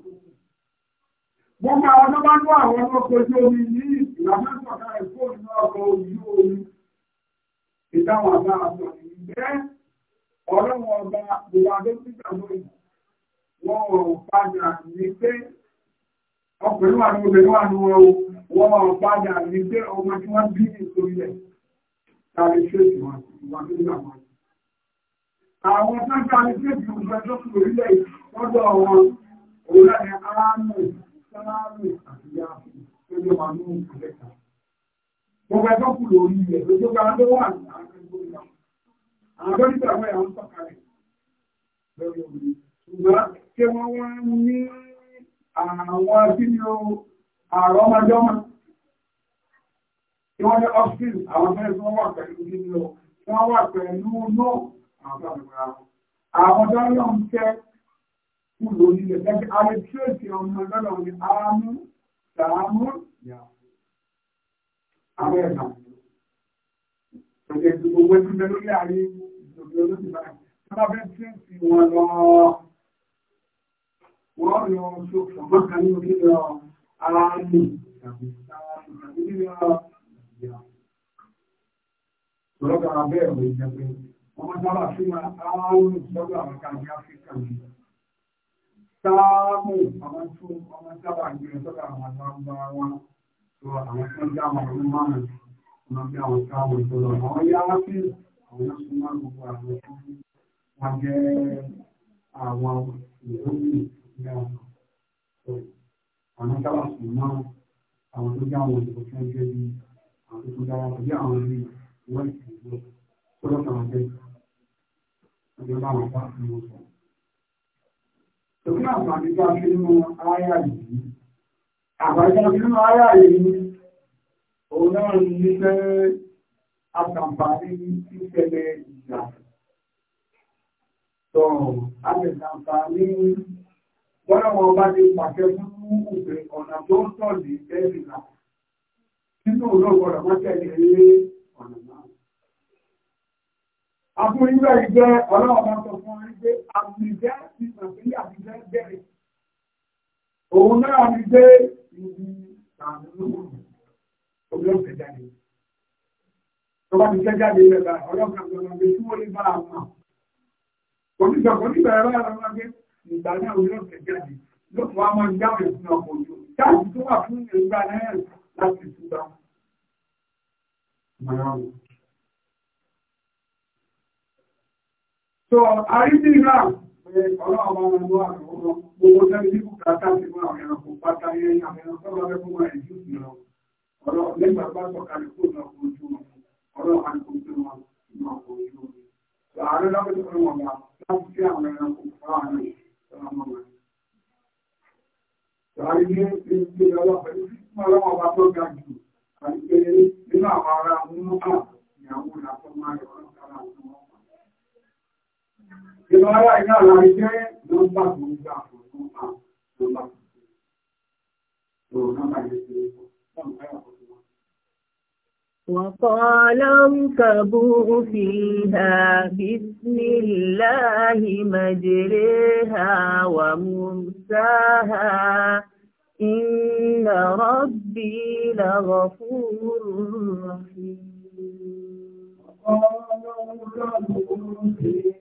Gbogbo àwọn tó bá ń wá àwọn ọlọ́pàá ojú omi yìí ìlànà ìsọ̀tà ẹ̀kọ́ ìlú ọkọ̀ ojú omi. Ìdáhùn àbá àtọ̀ ìgbẹ́ ọlọ́run ọba gbogbo adókítà lóyìn. Wọ́n ò padà ní pé ọkùnrin wà ní obìnrin wà ní wọn wọ́n padà ní pé ọmọ tí wọ́n bí nítorí ẹ̀ tàbí ṣéèkì wọn ìwà nígbà wọn. Àwọn tó ń tàbí ṣéèkì ọjọ́ tó kù orílẹ̀ lọ́dọ̀ wọn òun náà ni aráàmù sáláàmù àti yáàfù tó lè wà ní ìpínlẹ̀ta. Gbogbo ẹjọ́ kù lórí ilẹ̀ lójú gbára ló wà ní àwọn ẹgbẹ́ ìgbà. Àwọn tó ń tàbí àwọn sọ̀kalẹ̀ lórí omi. Ṣùgbọ́n ṣé wọ́n wá ní àwọn abínú àrọ́mọdọ́mọ tí wọ́n ní ọ́fíìs àwọn mẹ́rin tí wọ́n wà pẹ̀lú nílò tí wọ́n wà pẹ̀lú náà àwọn tó àmì ara wọn àwọn tó ń lọ ń tẹ́ kú lórí rẹ̀ gẹ́gẹ́ alẹ́ tí ó ti ọmọ lọ́dọ̀ ní àámú sàámú àwọn ẹ̀ka ọ̀gẹ̀ ìdìbò owó ẹgbẹ́ lórí ààrẹ ìdòbí olóṣèlú báyìí tí wọ́n bẹ́ẹ̀ tí ń fi wọn lọ wọ́n áàmì tàbí sáàmì tàbí nínú àwọn ìyá. Lọ́dọ̀ abẹ́ ẹ̀rọ ìjẹ́pẹ́, wọ́n máa sábà fi máa áàmì lọ́dọ̀ àwọn kàbí Áfíríkà mi. Sáàmù àwọn tó ọmọ sábà gbé sọ́dọ̀ àwọn àgbà wa tó àwọn tó ń dá àwọn ọmọ márùn-ún. Wọ́n fi àwọn sáàmù ìtọ́lọ̀ àwọn yá sí àwọn oṣù márùn-ún gbogbo àwọn tó wọ́n jẹ́ àwọn ìlú mi ní àwọn àwọn táwọn sùn náà àwọn tó jẹ́ àwọn òṣèlú tí wọ́n jẹ́ bí àwọn tó dára pẹ̀lú àwọn ilé ìwọ́ ìṣèlú tó lọ́kàn wọn jẹ́ ọjọ́ báwọn bá fi wọn sọ. Tòkí àǹfààní bá fi nínú aráyà yìí. Àbájá fi nínú aráyà yìí, òun náà ní pé àtàǹfààní ìṣẹ̀lẹ̀ ìjà. Tọ́ àtẹ̀sàǹfààní wọ́n náà wọn bá ti pàṣẹ fún obìnrin ọ̀nà tó ń tọ̀ ní bẹ́ẹ̀rì là nínú olóògbé ọ̀nà wọ́n tẹ̀lé ní e ọ̀nà náà. Àfúnilẹ̀ ìgbẹ́ ọlọ́ọ̀bá sọ fún wọn pé àbùnìjẹ́ ti nàìjíríà àbùnìjẹ́ bẹ̀rẹ̀. Òun náà ni pé ìdí àdúgbò obìnrin tẹ̀ ìgbà ló tún wá mọ́ ìyáwó fún ọkọ̀ ojú táàbù tó wà fún ìgbà náírà láti túbà màláwù. So àrídì náà ọlọ́run ọmọ ọmọ àtọ̀wọ́ gbogbo tẹ́lẹ̀ ní bùkátà sí mọ́ àwọn ẹranko pátá yẹn àwọn ẹranko lọ́wọ́ fún wọn ẹ̀jú sí lọ. Ọ̀rọ̀ lẹ́gbàá bá sọ̀kalẹ̀ kó lọ kó ojú wọn. Ọ̀rọ̀ àdìgbò tó wọn ìmọ̀ kó ojú wọn. Ààrẹ lábẹ́ tó wọn wà láti fi àwọn ẹranko fún àwọn ẹranko Tàbí ní ìgbé ọlọ́pàá ní ọlọ́wọ́ bá tó ga jù, àti pé nínú àwọn ará múnú kà ní àwọn ìlàtọ́ máa yọ ọlọ́pàá àwọn ọmọ. Ìlú ara ìlú àlàyé jẹ́ nọ́mbà tó ń gbà fún nọ́mbà tó ń gbà fún. Tòun nọ́mbà yẹn ti rí fún. وقال اركبوا فيها بسم الله مجريها ومرساها إن ربي لغفور رحيم وقال اركبوا فيها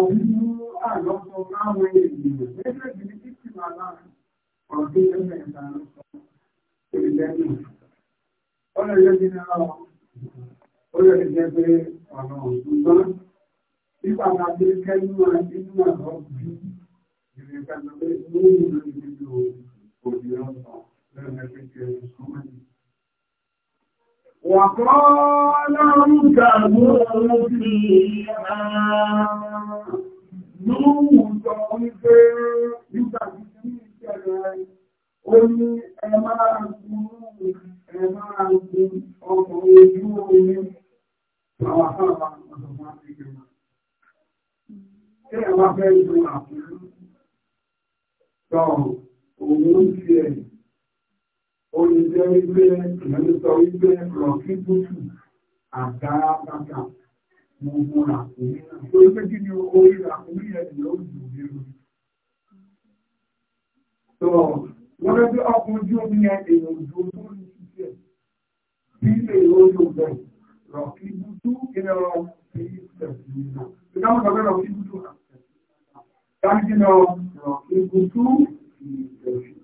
àbí mú àlọ́sọ láwọn ènìyàn méjèèjì ní títí máa láàrin ọ̀dún ẹgbẹ́ ẹ̀ta lọ́sọ ìrìnlẹ́yìn ọ̀rẹ́ yóò dín náà ó lè jẹ́ pé ọ̀nà òṣùgbọ́n nípa tàbí kẹ́lú inú àlọ́ bí ìrìnlẹ́yìn pẹ̀lú pé ní ìlú ìlú òdìrọ̀ sọ lẹ́nu ẹgbẹ́ ìṣòwò وقال اركبوا فيها Lóòrùn sọ wípé nígbà tí ní ìṣẹ̀lẹ̀ ó ní ọmọ ojú omi àwọn àfáàbà ọ̀dọ̀mọ́ ti gbẹ̀mà. Kí ẹ fẹ́ ìlú àkúrú? Sọ òun ẹ̀yìn ó lè jẹ́ wípé ìyẹn sọ wípé rọ̀kíkútù àgbára bàtà gbogbo ràkúnmí náà tó wípé kí ni orí ràkúnmí yẹn ni ó dùn nínú. tó wọ́n lé bí ọkùnrin ojú omi yẹn èèyàn ojú ojú orí ṣiṣẹ́ bí ilé ìròyìn ọ̀gbẹ́ rọ̀kíkútù ìrẹ̀rọ̀ sí ìṣẹ̀sì nínú. ìdáhùn sọ pé rọ̀kíkútù àti ìṣẹ̀sì nínú. dájú náà rọ̀kíkútù ìṣẹ̀sì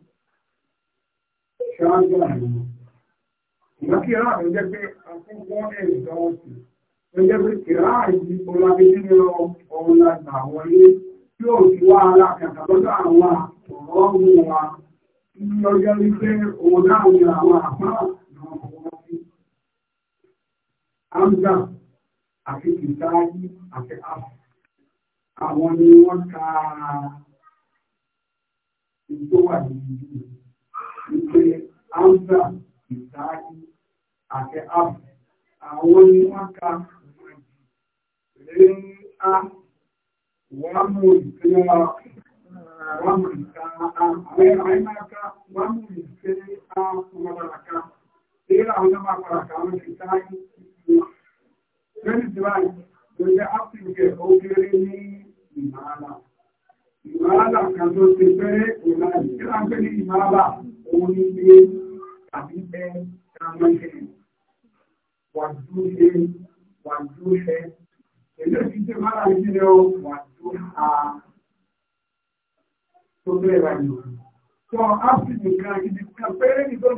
ṣáájú àwọn ìgbàkí ara rẹ̀ jẹ́ pé àkọ́kọ́ ẹ̀rì lọ́wọ́ sí ló jẹ́ pé kìrá ìdí olábídí ní ọ̀run lágbà wọlé tí ó ti wá ara kàkà lọ́dọ̀ àwọn ọ̀rọ̀ ọ̀hún wa lọ́jọ́ wípé òun náà ní àwọn àpá náà fọwọ́ sí. Amza àti Kìtáyí àti Afa àwọn ni wọ́n ka ìtọ́wà nínú ìlú wípé áńgà ìdájú àti áàbù àwọn ni wọ́n ka lẹ́yìn á wọ́n mú ìpínlẹ̀ wọ́n mú ìta àmẹ́ka wọ́n mú ìpínlẹ̀ á fún ọ̀dàlàkà èyí làwọn náà máa padà kà wọ́n ti dájú lẹ́yìn tí wáyé lóye áfíríkà ó kéré ní ìmọ̀ àlàfo ìmáàlà kan tó ṣe fẹ́rẹ́ ìlà ìkíra pé ní ìmáàlà òun ní ilé tàbí ẹ kàmọ́ṣe wàdúṣe wàdúṣe eléyìí tí ìmáàlà yìí lọ wàdúṣà tó bẹ́ẹ̀ wà ní. sọ áfíìsì kan ibi kan fẹ́rẹ́ ní tó ń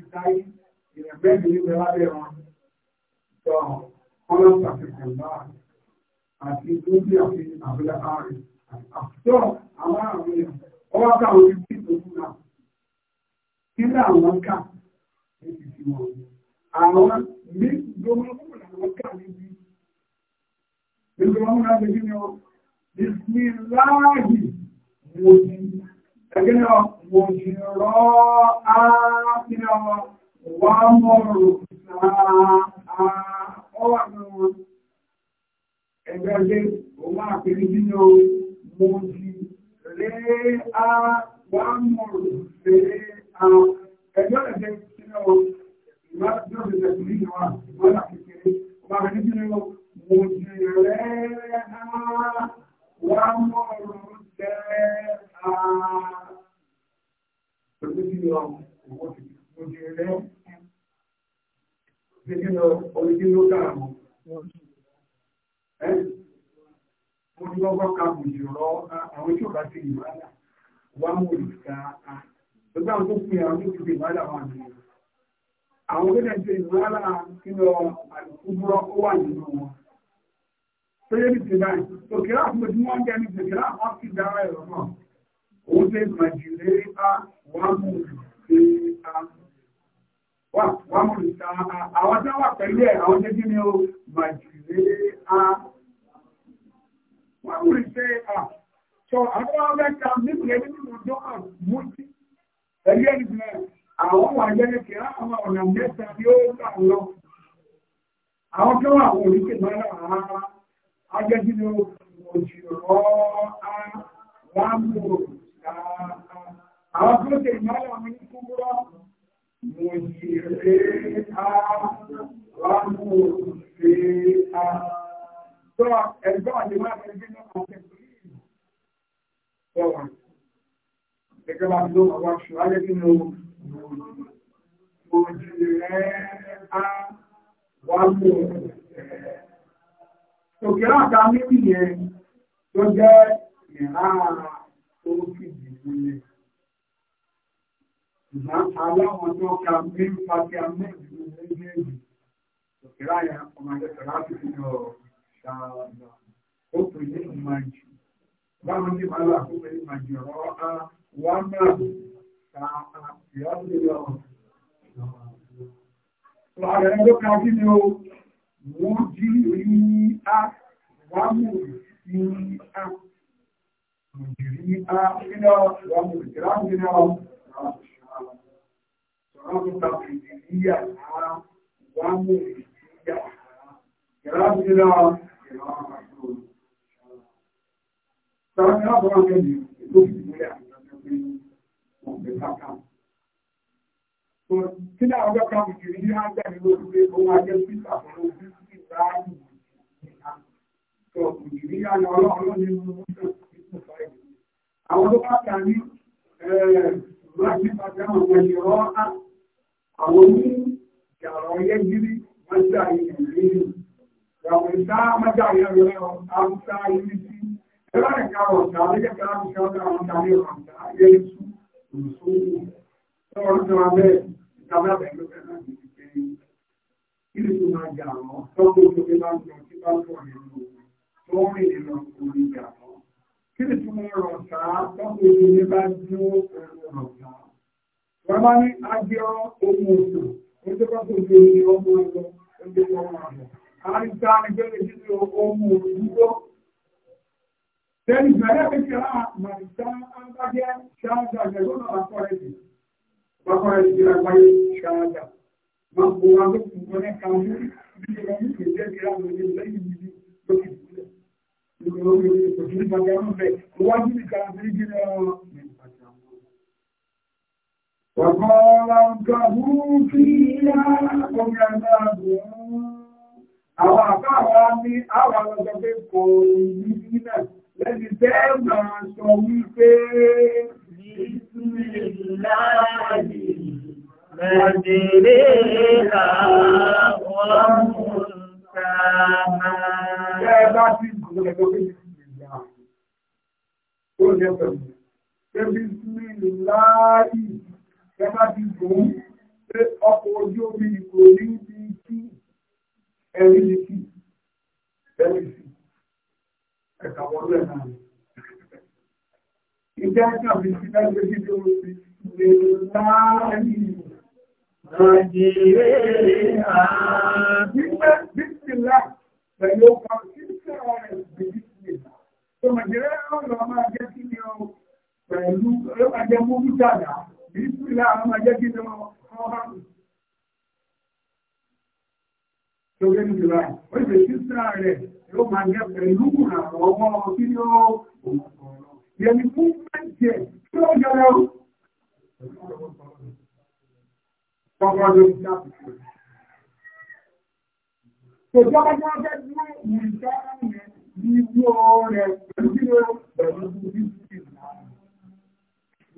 láyé èèyàn bẹ́ẹ̀ ní ìwé lábẹ́ wọn tó wọn lọ sàfihàn náà àti lójú àti àbúlá ààrẹ àtúntò àwọn àwọn èèyàn ọwọ́ àtàwọn orí tí ìtòkù náà kí ní àwọn ká níbi tí wọn àwọn ní gbọmọkùn làwọn ká níbi nígbà wọn náà ni wọn bísí láàyè mo ti ẹgbẹ́ náà wò jùlọ ápínà wà mọ́rù ọwàmọ́rùn ẹgbẹ́ ọjẹ́ òun àpẹẹrẹ nínú mo jù rẹ̀ á wà mọ́rù rẹ̀ á ẹgbẹ́ ọjẹ́ nínú ìwádìí ọjọ́ ìjẹ̀kùnrin náà wọ́n láti kéré wà rẹ̀ nínú mo jù rẹ̀ á wà mọ́rù rẹ̀ Pẹ̀lú kí lọ, òwò ti mo jẹ rẹ̀. Ṣé kí lọ, orí kí ló dára mọ̀? Ẹ́ mo ní wọ́n bá ka kò jù rọ àwọn tí ò bá ti ìwádà wá mú ìta a. Gbogbo àwọn tó fi àwọn tó ti fi ìwádà wà nínú. Àwọn tó dẹ̀ ti ìwádà kí lọ àdìkú búrọ́ ó wà nínú wọn tó yé ní ti báyìí òkèrè àfúnbẹ̀tí wọ́n ń jẹ́ ní ìṣèkèrè àwọn ti dára ẹ̀rọ náà ule majilea wamulisa wamulisa àwọn tí wà a ẹ̀ àwọn tí kí ni ó majilea wamulisa so àwọn ọmọ ẹ̀ka nípìnlẹ̀ nínú ọjọ́ àmúti ẹ̀rí ẹ̀rí bìnrin àwọn wà jẹ́ kí àwọn ọ̀nà mẹ́ta ni ó gbà lọ àwọn tí wà wọ̀ ní kìnnìkan rárá ajẹ́kí ni ó mọ̀jì àwọn tó ṣe ìmọ́lẹ̀ mi ní kúrọ́ mo sì rè á wọ́n mú rè á. tó ẹ̀gbọ́n àti máa fẹ́ gbé náà kàn fẹ́ sọ̀rọ̀ gẹ́gẹ́ bá tó àwọn aṣọ ayé kí ni mo sì rè á wọ́n mú rè á. òkè láta mímì yẹn tó jẹ́ ìhà tó ìpínlẹ̀. Ṣùgbọ́n aláwọn tó ka mẹ́rin pàtí amẹ́rin méjèèjì, òkèrà ya ọmọdé tọ́lá ti fi lọ ṣàlọ́. Ó pè ní ìmájì. Báwọn ní màálù àkókò ní màjì ọ̀rọ̀ á wá náà ta ìyáwó lọ. Sọ àrẹ̀ ló ka kí ni o, wọ́n jí rí á, wá mú rí á. مجريئة إلى رمض الكلام إلى رمض الشعار àwọn tó pàtà ní láti pàtà àwọn ìrọ́ àwọn ní ìjàrọ̀ yẹ́ gírí mọ́já ìrìn Ìyàwó ìta mọ́já ìrìn rẹ̀ àwùsá ìrìn sí ẹ̀rọ ìkàwọ̀ ọ̀tà lẹ́jẹ̀kẹ́ àwùsá ọ̀tà ọ̀tà ní ọ̀tà ayé ìsú ìsú. Tọ́wọ́ tó wà bẹ́ẹ̀ ìtàbí àbẹ̀lú fẹ́ láti fi kẹ́ ìrìn tó máa jà lọ, tọ́wọ́ tó tó fi bá ń lọ sí bá ń pọ̀ nínú tó ń orí ìjà kí ni túnmọ̀ rọ̀ta tọ́pọ̀ ojú ní bá dúró ọ̀rọ̀ rọ̀ta wọ́n bá ní agbẹ́ ohun oṣù oúnjẹ tọ́pọ̀ ojú ní ọmọ ọlọ oúnjẹ ọmọ ọlọ àríta nígbẹ́rẹ́ títí ohun òdúgbò tẹ́lì bẹ̀rẹ̀ pé kí ara màrìta ágbájẹ́ ṣáájà jẹ̀gbọ́n àkọ́rẹ́jì bákọ́rẹ́jì àgbáyé ṣáájà máa kó wa ló kù wọn ní kàmú bí ìrọ̀lú kò jẹ́ kí á lọ sí lẹ́yìn ìlú lórí òṣèlú pàtàkì àwọn ọ̀fẹ́ wájú ní kàràtì igi náà wàkọ́ọ́lá nǹkan búrúkú ilá omi àgbàgbò àwọn àpáwà ní àwọn Ọkọ̀ ojú omi ìkò ní ti kí ẹ̀rí ní kí ẹ̀rí sí ẹ̀kà wọlé náà. Ìjẹ́ ìjọba ìsinmi ẹgbẹ́ jíjọ omi lè láàárín Nàìjíríà. Wípé bí ti lá pẹ̀lú ọkọ̀ sí sára ìgbèríko ìgbà tó màjẹ̀rẹ́ ọ̀rọ̀ máa jẹ́ kí ni ọ pẹ̀lú ọlọ́pàájẹ́ múlù dàdà ìgbèríko ìlà àwọn máa jẹ́ kí ni ọ ọ̀hánù. tó gẹ́ ní ìlà ó sì sí sára rẹ̀ yóò máa jẹ́ pẹ̀lú ìrànlọ́wọ́ kí ni ọ òmùkọ̀ọ̀rọ̀ yẹni fún mẹ́jẹ̀ tí ó yọrọ. Tọ́kọ́ ló ń dábòbò. Ìjọba tó jẹ́ bí ìjọba yẹn ní ìwú rẹ̀ pẹ̀lú bí ó pẹ̀lú bí ìlànà.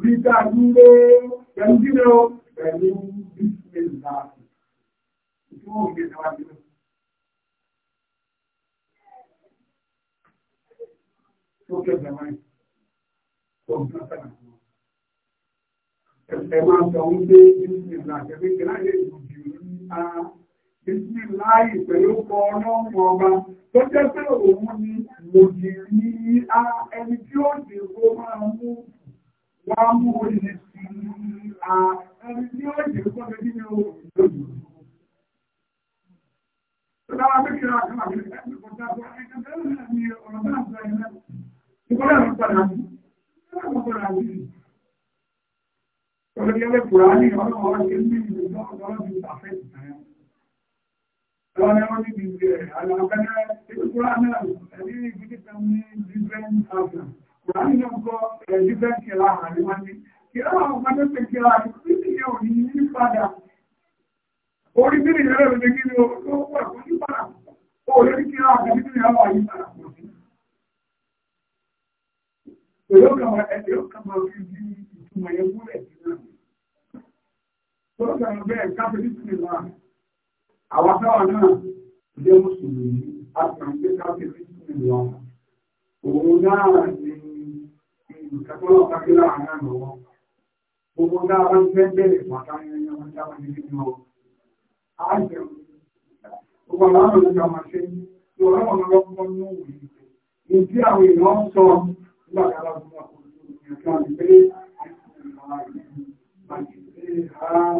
Rí dájú lé pẹ̀lú bí ó pẹ̀lú bí ìlànà. Ìjọba òun gbé ìjọba bí ó. Tó kẹ́ ìjọba yìí. Tó ń tán sẹ́nà. Ẹ̀sẹ̀ máa sọ wípé bí ìlànà kẹ́kẹ́ láyé ìlú jù ní èsì láàyè pẹ̀lú ọkọ̀ ọlọ́run ọba tó jẹ́ pé òun ni lòdì ní ẹni tí ó dì kó máa mú wá mú orí sí ẹni tí ó dì kó lè nínú ìlòdì. Ìjọba pé kí ọ̀rọ̀ àti ẹgbẹ̀rún kọjá tó ẹgbẹ̀rún náà ni ọ̀rọ̀ náà sọ ẹ̀rọ. Ìkọ́lẹ̀ ló padà sí. Ìjọba ló padà sí. Ọ̀rọ̀ yẹn lè kùrá ní ọlọ́run ọ̀rọ̀ ṣe ń bí ìlú náà ọ̀rọ̀ ti àfẹ́ ìtàn. Àwọn ẹwọ́n ní ìgbìyànjú rẹ̀, àwọn ọ̀gẹ́gẹ́ ìpínlẹ̀ náà ní ìgbìyànjú kan ní different housing. Kùránì náà kọ́ different kìlá àárín wá ní. Kìlá àwọn ọmọdé pé kìlá àárín tí ìyẹn ò ní ní padà. Orí bí ìrẹ́lẹ̀ rẹ̀ kí ni ó wà fún ní padà. Ó lè rí kìlá àárín tí ìyẹn wà yìí padà pọ̀ sí. Èyí ó kàn máa fi di ìtumọ̀ yẹn múlẹ̀ sí náà àwọn táwọn náà jẹ́ mùsùlùmí àtàǹgbé káfíńtì ìlú òun náà ni nǹkan tó lọ́ọ́ káfí láàárín àná wọn gbogbo náà wọ́n fẹ́ bẹ̀rẹ̀ pàtàkì ẹni wọn dáwọn ní nínú ọ àjẹm gbogbo àwọn àwọn olùkọ́ máa ṣe tí wọ́n lọ́wọ́ lọ́wọ́ ní òwò ní tí àwọn èèyàn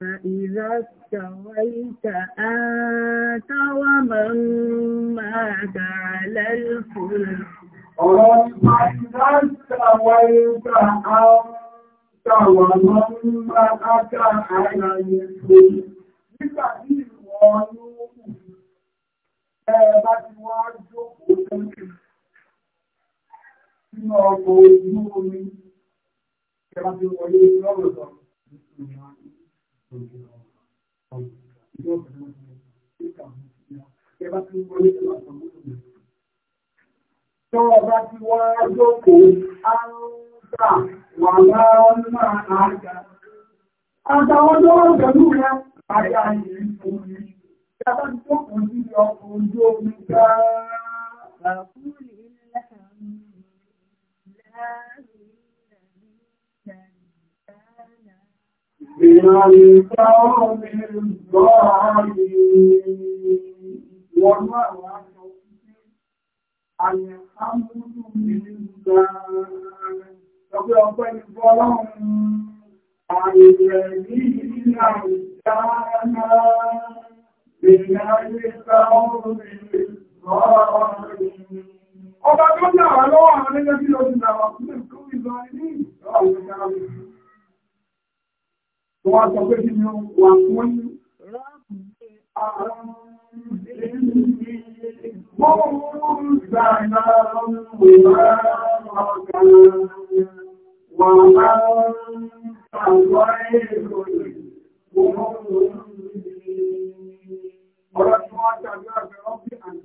فإذا استويت أنت ومن معك على الفلك فإذا استويت أنت ومن معك على الفلك nígbà tí ìwọ lóòrùn ẹ bá ti wá jókòó lókè nínú ọkọ̀ ojú omi ẹ bá ti wọlé lọ́rọ̀ lọ Tó ọba ti wá jókòó, a ń gbà wà láwọn máa àjà. Àtàwọn tó wọ́n pẹ̀lú rẹ̀, àjà yìí fún mi. Ìjọba ti jókòó sí ọkọ̀ ojú omi gbáà. Bàbá kúrò ní ilẹ̀ بمن كرم الظالمين وما الحمد لله Ọgbẹ́ ọgbẹ́ ni Ọba tó dára lọ́wọ́ àwọn ẹgbẹ́ bí lọ́dún àwọn ọkùnrin kó ìzọ ní ìrìn tó wá sọ pé kí ni wà fún yí Ọ̀rọ̀ tí wọ́n tàbí ọ̀fẹ́ ọ́fí àti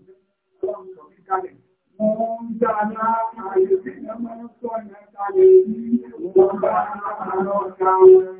ọ̀rọ̀ ìṣọ̀fí kalẹ̀. Wọ́n ń dáná àyè sí ẹmọ́ sọ́nà kalẹ̀ ní ìwọ̀n bá àwọn ọ̀gá wọn.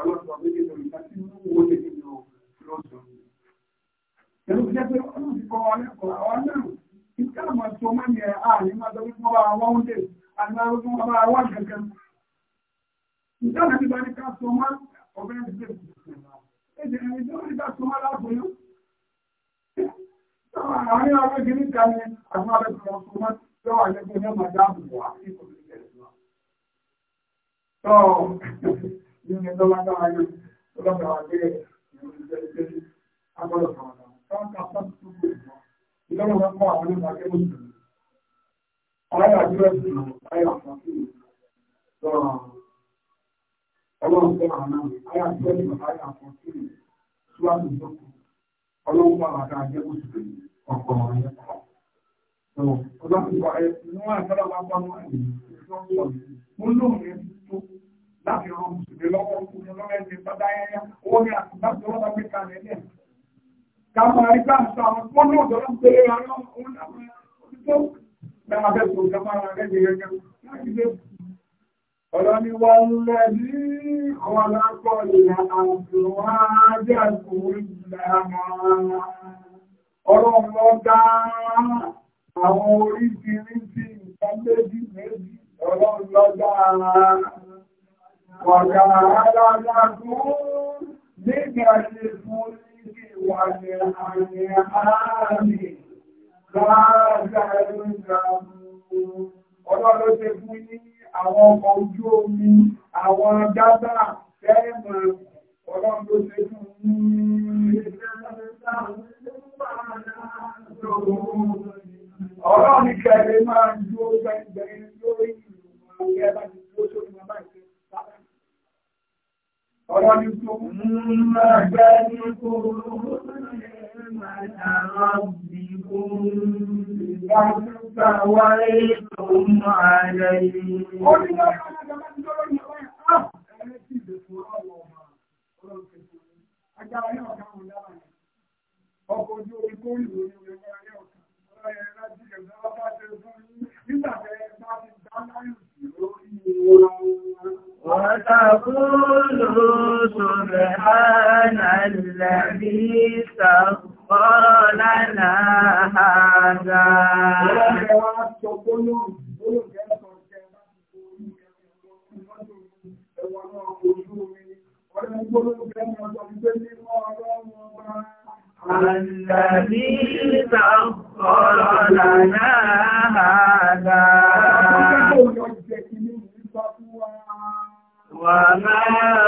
ọlọ́sọ̀ méjì lórí láti mú owó lè nínú lọ́sọ̀. Ẹnu jẹ́ pé ọlọ́run ti kọ́ ọlẹ́kọ̀ọ́ àwọn náà. Ìka àmọ̀ tí ó máa ń yẹ àárín máa dọ́gbé fún ọba àwọn oúnjẹ àti arúgbó ọba àwọn gẹ̀gẹ̀. Ìka àmọ̀ tí bá ní ká sọ máa ọ̀bẹ ẹ̀jẹ̀ ẹ̀jẹ̀ ẹ̀jẹ̀ tó ní ká sọ ní tó bá dára yóò tó bá dára dé ìròyìn agbọ́dọ̀ kan ọ̀dà wọn ká sọ́ọ̀tù tó gbé ìmọ̀ ìlọ́wọ́ wọn kọ́ àwọn onímọ̀ akẹ́kọ̀ọ́ sí i ayé àdúrà sí i ayé àfọ̀ sí i lọ́rọ̀ ọlọ́run tó hàn náà ayé àdúrà sí i ayé àfọ̀ sí i síwájú tó kù ọlọ́run wà wà dáa jẹ́ oṣù ọ̀pọ̀ ọ̀rẹ́ kọ́ ọlọ́run wà ẹ̀ ní máa bá wọn ìpàdáyẹyẹ owó ní àtúntà tó wọ́n lọ́pẹ́ kalẹ̀ lẹ̀. Káwọn àríkà sọ àwọn tó ní ọ̀dọ́ ló ń pèlè ra náà òun làwọn tó dára bẹ́ẹ̀ tó jẹ́ máa rẹ̀ lè yẹn láti lé. Ọ̀dọ́ ni wọ́n méjì méjì lọ dá وجعل لكم من الفلك والأنعام ذاك الجنب Ọlọ́run ṣe fún ní àwọn ọkọ̀ ojú omi, àwọn dábà tẹ́ẹ̀mọ̀ ọlọ́run ló ṣe fún ní ọlọ́run kẹrẹ máa ń dúró gbẹ̀gbẹ̀ lórí ìlú ẹgbẹ́ bá ti dúró sórí ọmọ báyìí. ثم بلكم من ربكم فاستويتم عليه Ọkọ̀ ojú orí kó ìlú ní orí ọgbà ní ọ̀kan, ọ̀rọ̀ ẹ̀rẹ́ láti ẹ̀gbẹ́ ọba tẹ́lẹ̀ fún nígbàtẹ́ bá ti dá láyùn sí lórí ìwòrán wọn. وتقول سبحان الذي سخر لنا هذا الذي سخر لنا هذا وما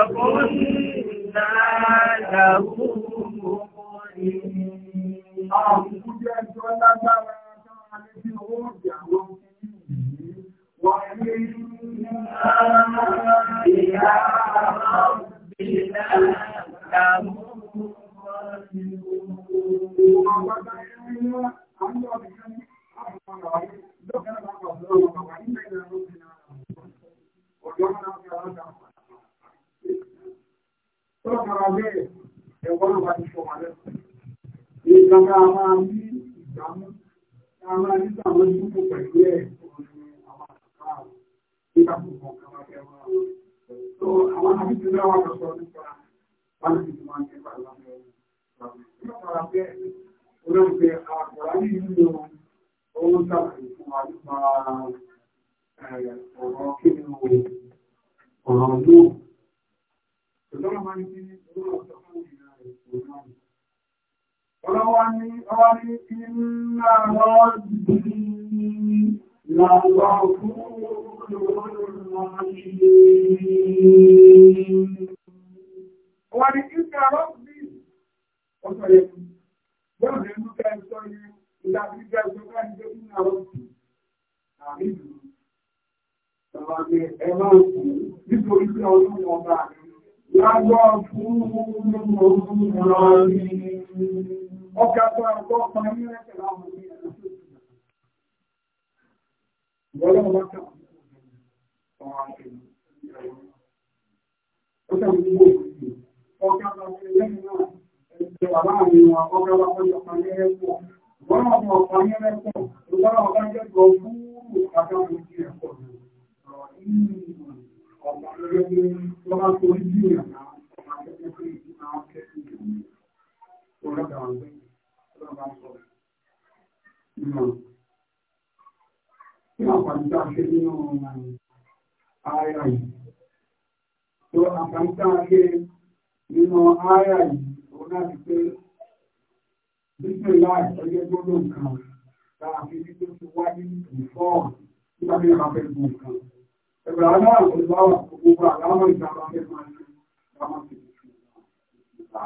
كنا له مقرنين وإنا إلى ربنا لمنقلبون Rama bí ọba fẹ́ gbọ́ nǹkan ẹgbẹ́ àwọn ará òṣèlú wà gbogbo àdámọ́ ìjọba fẹ́ máa ń dámọ́ sí ìṣúná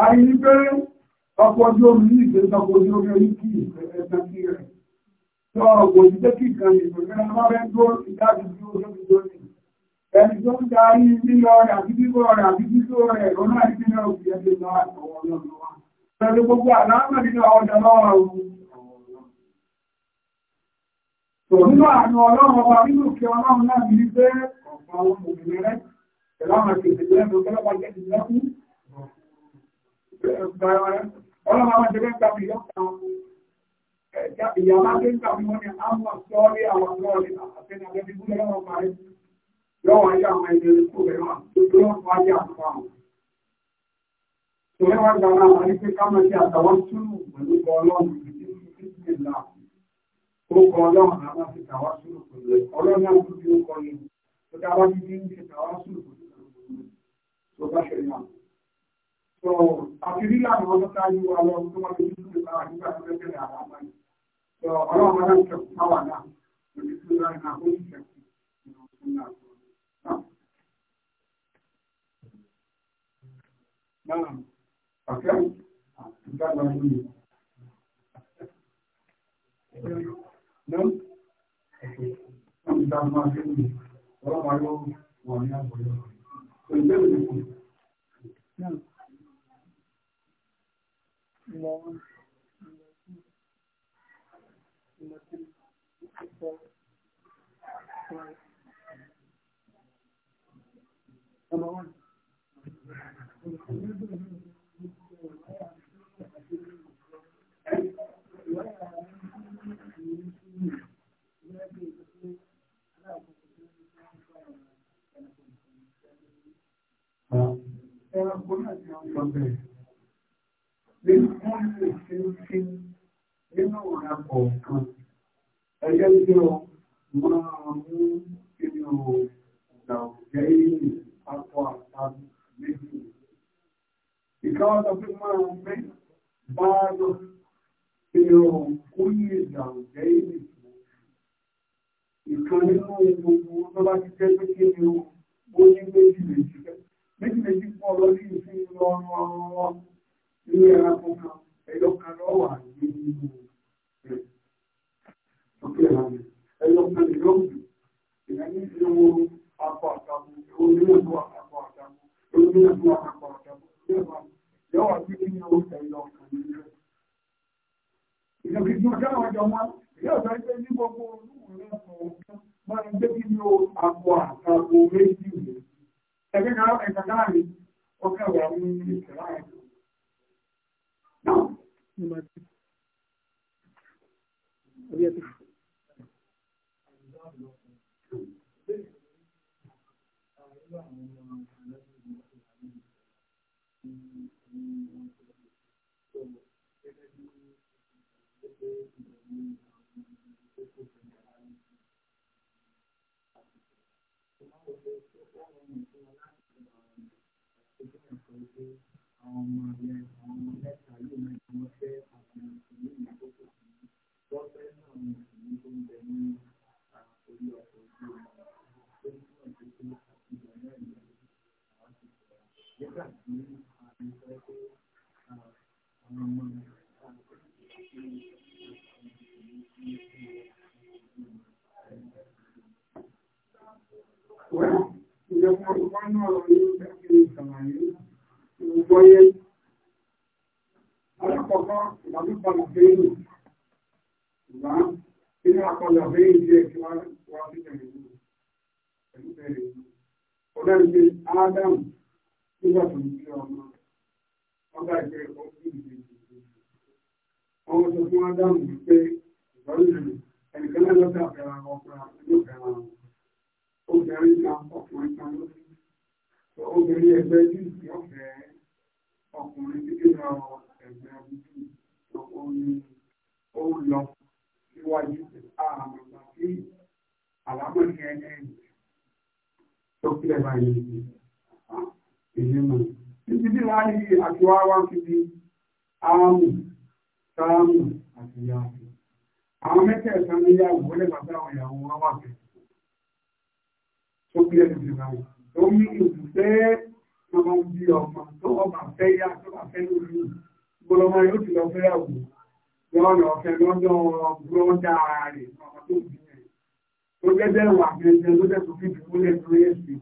àyè ní pé ọkọ̀ ojú omi ní ìgbé ọkọ̀ ojú omi orí kí ẹ̀ẹ́dá sí rẹ̀ tí ọ̀rọ̀ kò ní jẹ́ kí nǹkan lè máa fẹ́ dúró ìdájú bí ó lóbi lónìí ẹni tó ń darí lílọ rẹ̀ àti bíbọ̀ rẹ̀ àti bíbọ̀ rẹ̀ lọ́nà ìpínlẹ̀ òkú Nínú àánú ọlọ́run ọba nínú kí ọlọ́run náà ní pé àwọn òmìnirẹ́ pẹ̀lú àwọn àkèsè lẹ́nu ọlọ́pàá jẹ́ ìlẹ́kùn. Ọlọ́run àwọn jẹ́gẹ́ gbàmì yọ́ta ìyá máa ń gbàmì wọ́n ni àwọn sọ́ọ́rí àwọn sọ́ọ́rí àtẹ́nà lẹ́bí gúnlẹ̀ lọ́wọ́ parí. Lọ́wọ́ ayé àwọn ẹni ẹ̀kọ́ rẹ̀ wà tó lọ́wọ́ ayé àwọn àwọn orúkọ ọlọ́run àwọn ti kàwá sùúrù pẹ̀lú ẹ̀ ọlọ́run náà tún fi orúkọ yẹn tó ká bá ti dín ní kàwá sùúrù pẹ̀lú ẹ̀ tó bá ṣe náà. sọ àti rí làwọn ọmọ tá a yí wa lọ Não? Thank you. Ẹranko náà ti ń sọ bẹ́ẹ̀. Bí wọ́n lè ṣe ń fi nínú ọ̀rá kọ̀ọ̀kan, ẹgbẹ́ tí ó máa mú inú bá lọ Ìrọ̀rùn kó ní ìdàrùjẹ́ ìrìnàjò. Ìkan nínú gbogbo tó bá ti jẹ́ pé kí ni ó ní méjì fẹ́. Méjì méjì fún ọlọ́lé ìfún lọ́rùn ọrùn ẹranko kan, ẹyọ kan lọ́wọ́ àgbẹ̀ nínú rẹ̀. Ọ̀pẹ̀ kan lè lọ́gbìn. Ìlànà ìfún oorun akọ àtàbò, onírànbó akọ àtàbò, onírànbó akọ àtàbò, onírànbó. Yọ̀wọ̀ sí nínú ẹyọ kan nínú ìjọba káwọn jọ wọn yóò sọ pé ní gbogbo olúwòrán ọ̀hún máa ń gbé kí ní àpò àtàkò méjì rẹ̀ ẹgbẹ́ kan ẹ̀ka káàrí ọkẹ́ wà ní ìṣẹ̀lá ẹ̀kọ́ Thank you. àwọn ọmọ rẹ̀ àwọn ọmọ mẹ́ta yóò mẹ́ta wọ́n fẹ́ àwọn ìlú ìyàkókò wọ́n fẹ́ náà àwọn ìlú tó ń bẹ ní orí ọkọ̀ ojú omi tó ń túnmọ̀ sí pé àti ìgbà náà ni àwọn ti sọ̀rọ̀ nígbà tí àwọn sọ pé àwọn ọmọ rẹ̀ Bueno, y yo como humano lo digo, que es el tamaño ìwògbọ́yé alákọ̀ọ́kọ́ ìdàlúpọ̀ làbẹ́yìn ìgbà nínú àpọ̀ làbẹ́yìn jẹ́ kí wọ́n wá sí ẹ̀rẹ̀ yìí pẹ̀lú bẹ̀rẹ̀ yìí ọ̀dọ́ ìgbé Ádámù nígbà tó ń bí ọmọ ọgbà ìgbé ọdún ìgbé ọmọ tó fún Ádámù wípé ìgbàlódé ẹnìkan náà lọ́sẹ̀ àfẹ́ra ọkùnrin àti ìjọba obìnrin kan ọkùnrin kan lọ́sẹ̀ obìnrin ẹgbẹ́ yìí ọ̀fẹ́ ọkùnrin kékeré ẹgbẹ́ ojú ìjọba ni ó lọ síwájú àmàgbà sí àlámọ̀ní ẹni tó kílẹ̀ báyìí èyí mọ̀. títí bí láyé àtiwá wá fi di áàmù sáàmù àti yáàmù. àwọn mẹ́tẹ̀ẹ̀ta ní yáàmù wọlé bàbá àwọn ìyàwó wọn wà bẹ̀rẹ̀ tó kílẹ̀ tó kílẹ̀ báyìí. ó ní ìbùsẹ́ tó bá ń bí ọmọ tó wọ́n bá fẹ́ yá tó bá fẹ́ lórí gbọ́lọ́mọ yóò ti lọ fẹ́ àwò lọ́nà ọ̀fẹ́ lọ́dọ̀ búrọ́dà rẹ̀ ọmọ tó bí rẹ̀ tó gẹ́gẹ́ wà gẹ́gẹ́ ló dẹ̀ tó fi dùn lẹ̀ tó yẹ sí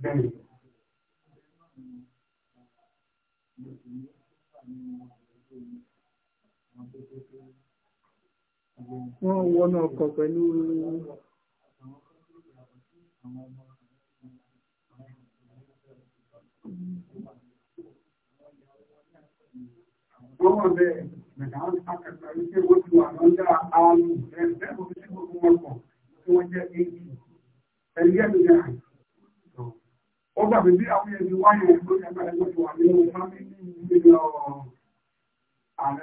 Thank you. wọ́n wọnà ọkọ̀ pẹ̀lú Wọ́n wọ́n bẹ́ẹ̀ mẹ̀dáwọn akẹta wípé ó ti wà lọ́jà ààrùn ẹgbẹ́ òfin tí gbogbo wọn pọ̀ tí wọ́n jẹ́ èyí ẹgbẹ́ mi náà. Ó gbàgbé bí àwọn ẹni wáyé ẹgbẹ́ ìgbà ẹgbẹ́ tó wà nínú fámìlì nínú ọ̀rọ̀. Wọ́n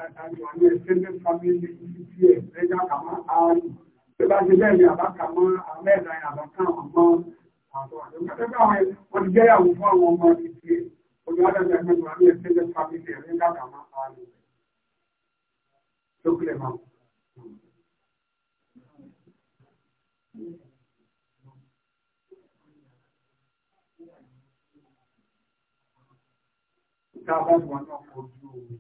ti jẹ́yàwó fún àwọn ọmọ títí ẹ̀, olùwádàgbà ẹgbẹ́ ìwà ní ẹ̀sẹ̀lẹ̀ fàmílì ẹ̀rí ń dàgbà máa ń rẹ̀. Lókèlè máa. Tá a bá ti wà náà kojú omi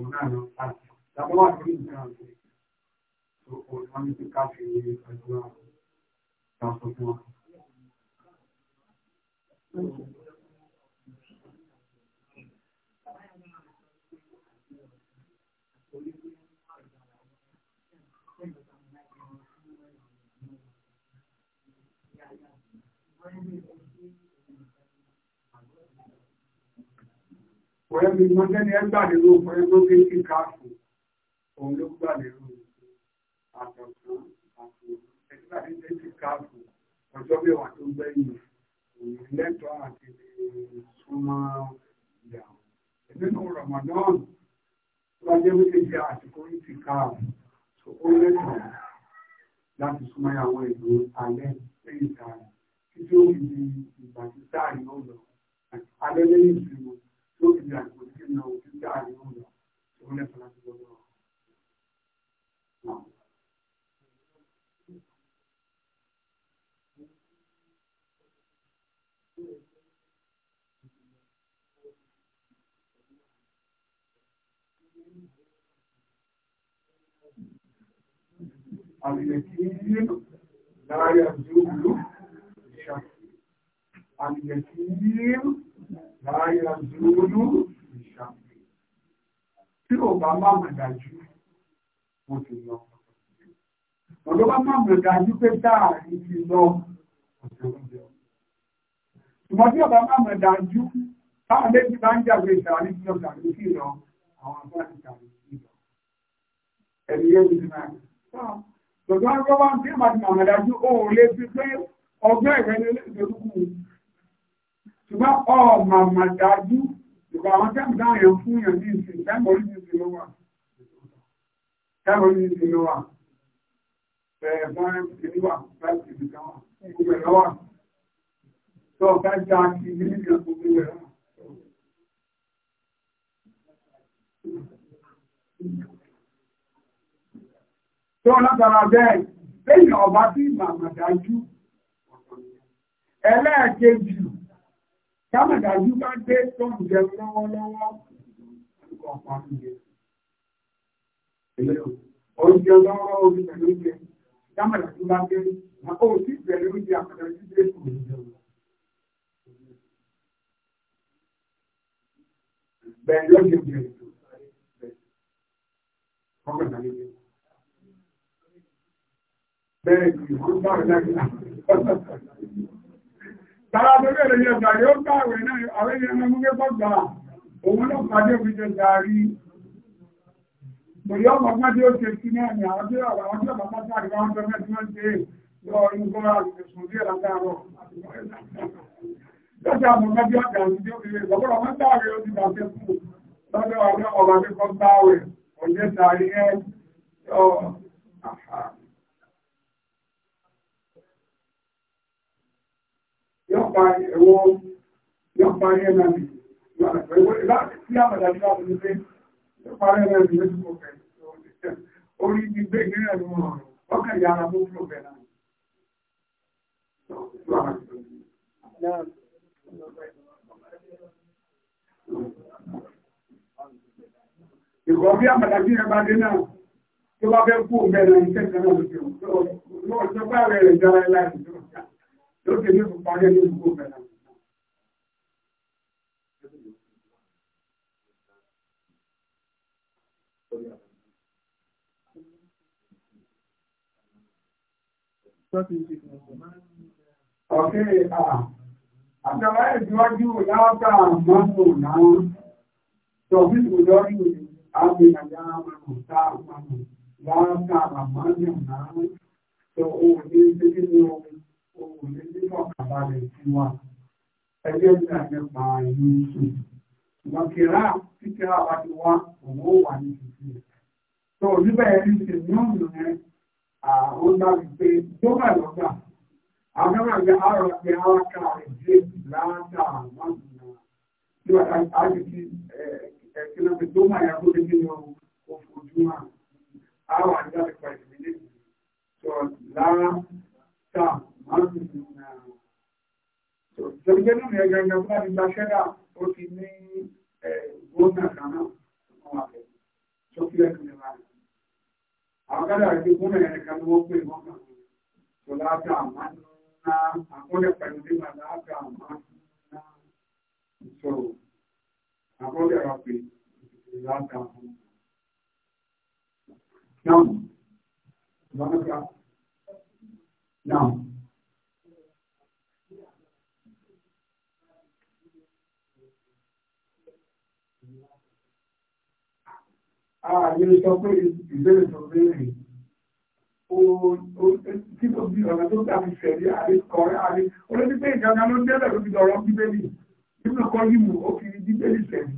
òun náà lọ pàtó tàbí wà lórí nǹkan àgbẹ̀ tó òun wọn ní ká fi àdúrà ìtàkùn Thank you. ọ̀rẹ́ mi mo jẹ́ni ẹgbà lérò fún ẹgbẹ́ pé kí káàkù òun ló gbà lérò àtọ̀tún àti ẹgbà lérò kí káàkù ọjọ́ mẹ́wàá tó gbẹ̀yìn òun lẹ́tọ̀ọ́ àti súnmọ́ ìyàwó nínú Ramadan wọ́n jẹ́ wípé ṣe àsìkò yìí ti káàkù tó ó lẹ́tọ̀ọ́ láti súnmọ́ ìyàwó ìlú alẹ́ lẹ́yìn tààrà títí ó fi di ìgbà tí táà lọ alẹ́ lẹ́yìn ìsinmi yóò fi àgbò sí ìnà òfin láyà zúúlú ìṣàpè tí ò bá má mọ̀ dájú mo ti lọ ọ̀dọ́ bá má mọ̀ dájú pé dáàrí ti lọ òṣèlú ṣùgbọ́n tí ọba má mọ̀ dájú táwọn méjì bá ń jàgbé ìṣàrí ti lọ tàbí sí lọ àwọn àbúrò ti sí lọ ẹ̀rí yẹn ti máa ṣùgbọ́n ọmọ màdájú ìgbà àwọn tẹ́mù dáyàn fún yàn ní ìsìn tẹ́mù orí ìsìn ló wà tẹ́mù orí ìsìn ló wà ẹ̀ẹ̀fọ́n ìdíwà láti ìdíkan wà gbogbo ẹ̀rọ wà tó ọ̀fẹ́ já kí ní ìgbà gbogbo ẹ̀rọ wà. Tó látara bẹ́ẹ̀, lẹ́yìn ọba tí màmàdájú ẹlẹ́ẹ̀kejì Kámàdà yìí bá gbé tóun jẹ lọ́wọ́lọ́wọ́ nǹkan pa mí jẹ. Oúnjẹ lọ́wọ́ orí pẹ̀lú oúnjẹ. Kámàdà yìí bá gbé àpò òsì pẹ̀lú oúnjẹ àpàdà yìí gbé kò ní jẹun. Bẹ́ẹ̀ lọ́jọ́ bẹ̀rẹ̀ tó ọgbọ̀n náà lè jẹun. Bẹ́ẹ̀ ni wọ́n bá rẹ̀ láti Tàrà tó bẹ̀rẹ̀ yẹ gàrí ó gbàwẹ̀ náà àwọn èèyàn mú gẹ́gọ́ gbà òun ló pàdé fi jẹ gàrí. Bòyí ọmọ ọgbọ́n tí ó ṣe sí náà ni àwọn tí àwọn àwọn tí ọmọ ọgbọ́n tí àwọn ọjọ́ mẹ́tí wọ́n ṣe lọ ìgbọ́ àrùsùn sí ìlàkàrọ̀. Lọ́jọ́ àwọn ọmọ bí ọjà sí tí ó fi tàrí ẹ́ láàpáyé ẹ̀wọ́ láàpáyé ẹ̀nà mi láti tí àmàdàjú láti ní pé láàpáyé ẹ̀nà mi lójú mọ̀ pẹ̀lú orí ti gbé ìgbéra ló rọrùn ọkàn yàrá tó kúrò bẹ̀ náà. Ìkọ̀ bí àmàdàjú ẹ̀ bá dé náà tó bá fẹ́ kú bẹ̀rẹ̀ ìṣẹ́ kan náà lójú. Lọ́ọ̀ṣọ́gbà rẹ̀ jára láìsí lókè ní ìparí ẹni gbogbo mẹ́rin. Ọ̀kẹ́ àà, àtàwà ìdíwájú láwọ́ta àmọ́mù náà, tọ̀bíkù lọ́rí àmì àyà àmàmù táàmù láwọ́ta àmàmù náà, tọ̀ òun ní ṣe kí ni ọmọ òkú ní nínú ọ̀kàbalẹ̀ sí wa ẹgbẹ́ ní àjẹpà yìí sùn ṣùgbọ́n kìrá kíkìrá bá ti wá òun ó wà ní títí rẹ̀ tó níbẹ̀ ẹni ṣe ní ọ̀nà rẹ̀ àwọn gbà wípé dókà lọ́gbà àgbàgbà àrọ̀ pé àwọn rẹ̀ dé nínú àwọn pàṣẹ Ìjọba ìlú ẹgbẹ́ ẹgbẹ́ fún àdìgbà ṣẹ́dá ó ti ní gómìnà kaná fún àfẹ́ tó fi ẹ̀kùn lè máa. Àwọn kádà àti gómìnà ẹ̀ka ni wọ́n pè wọ́n kàn tó láàbà máa ń ná àkọọ́lẹ̀ pẹ̀lú nígbà láàbà máa ń ná ìṣòro. Àkọọ́lẹ̀ rà pé láàbà máa ń ààyè sọ pé ìbéèrè tó béèrè tí tó bí ọ̀nà tó dàbí sẹ̀rí àrí kọ̀rẹ́ àrí olóbi pé ìjọba ló délẹ̀ ló fi dọ̀rọ̀ bíbélì nínú kọ́ yìí ó fi bíbélì sẹ̀rí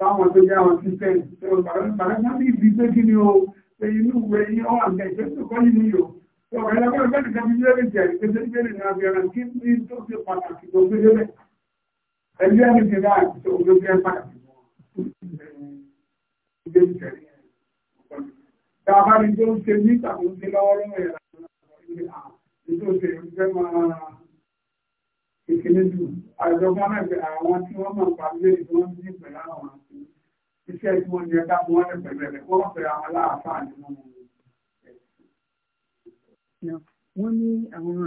táwọn tó yá wọn sí sẹ́yìn tó bàrẹ́sán bí ibi pé kí ni o pé inú ìwé yín ọ̀ àgbẹ̀ ìjọba kọ́ yìí ni o tó ọ̀rẹ́ lọ́gbọ́n ìgbẹ́ nìkan bí bíbélì sẹ̀rí pé tó bíbélì náà fi ọ̀nà kí ní tó ṣe pàtàkì tó gbé délẹ̀ ẹgbẹ́ mi ti rà àti tó tá a bá rí tó ń ṣe ní ìtàkùn ń ṣe lọ́wọ́ lọ́wọ́ yẹn láti tó ṣe ń fẹ́ máa ìkíní jù àjọba náà pé àwọn tí wọ́n máa pa lé tí wọ́n ní ìpẹ̀lẹ́ àwọn àti iṣẹ́ tí wọ́n ọlọ́run bá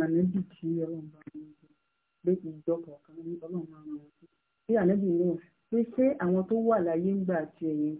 ń gbé ìjọ kọ̀ọ̀kan ní ọlọ́run máa ń rántí. bí àlejò náà pé ṣé àwọn tó wà láyé ń gbà tiẹ̀ yẹn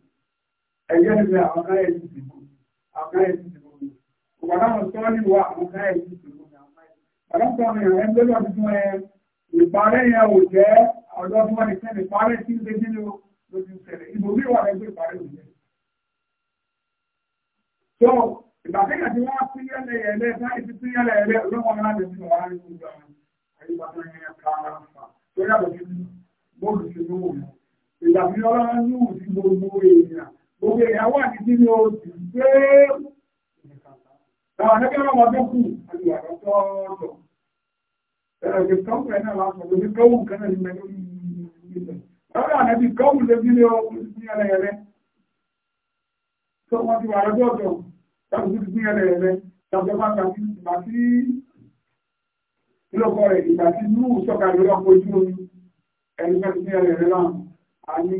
ẹ̀yẹ́ ti àwọn káyẹ̀ ti dìbò àwọn káyẹ̀ ti dìbò ni òbàdà wọn sọ ní wa àwọn káyẹ̀ ti dìbò ni àwọn káyẹ̀ bàdà sọ ní ẹ̀ ń lọ́dọ̀ tuntun ẹ̀ ìparẹ́ yẹn ò jẹ́ ọ̀dọ́ tí wọ́n ti sẹ́ ní parẹ́ tí ń ṣe kí ló ti ṣẹlẹ̀ ìbò mi wà lẹ́gbẹ́ ìparẹ́ ò jẹ́. so ìgbàkẹ́yà tí wọ́n ti yẹlẹ̀ yẹlẹ̀ táyì ti ti yẹlẹ̀ yẹlẹ̀ olóńgbò náà ti fi wà á ní gbogbo àwọn àyípadà yẹn kára fà tó yàtọ̀ sí bóòlù sí lóòrùn ìgbà tí ọlọ́run ní òsì gbogbo èèyàn Gbogbo èèyàn wà ní sí ní oṣù gbé àwọn ẹgbẹ́ ọmọ tó kù àti àtọ́tọ́ọ̀tọ̀. Ẹ̀rọ ìgbẹ̀kọ́wù ẹ̀ náà lásán lórí kọ́wù kan náà ní mẹ́lú ìgbẹ̀. Ọ̀rọ̀ àwọn ẹbí kọ́wù lè bí ní oṣù ní ẹlẹ́yẹlẹ́. Tó wọ́n ti wà lọ́jọ́ ọ̀tọ̀ tàbí ti ní ẹlẹ́yẹlẹ́ tàbí ọba ìlọ́kọ̀ rẹ̀ ìgbà sí inú sọ́kà lórí ọkọ̀ ojú omi ẹni fẹ́ ti ní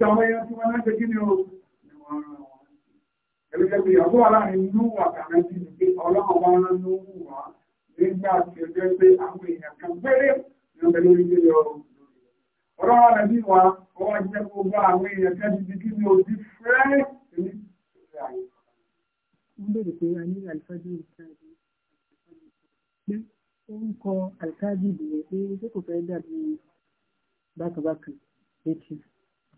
tí àwọn èèyàn tí wọ́n náà ṣe kí ni o ẹ̀lẹ́gbẹ̀gbẹ̀ ìyàwó aláàrin núwù àtàmẹ́sì ni pé ọlọ́run wá rán núwù wá nígbà tí ó jẹ́ pé àwọn èèyàn kan péré ní ọbẹ̀ lórí ilé ọrọ̀ ọ̀rọ̀ rẹ̀ bí wa ó wá jẹ́ gbogbo àwọn èèyàn kan ti di kí ni o ti fẹ́ ní ìṣẹ̀lẹ̀ ayé. wọ́n bèèrè pé a ní àlùfáàjì ìṣáájú pé ó ń kọ àlùfáàjì ìbìyẹn pé ṣé kò fẹ́ dàbí bákàbákà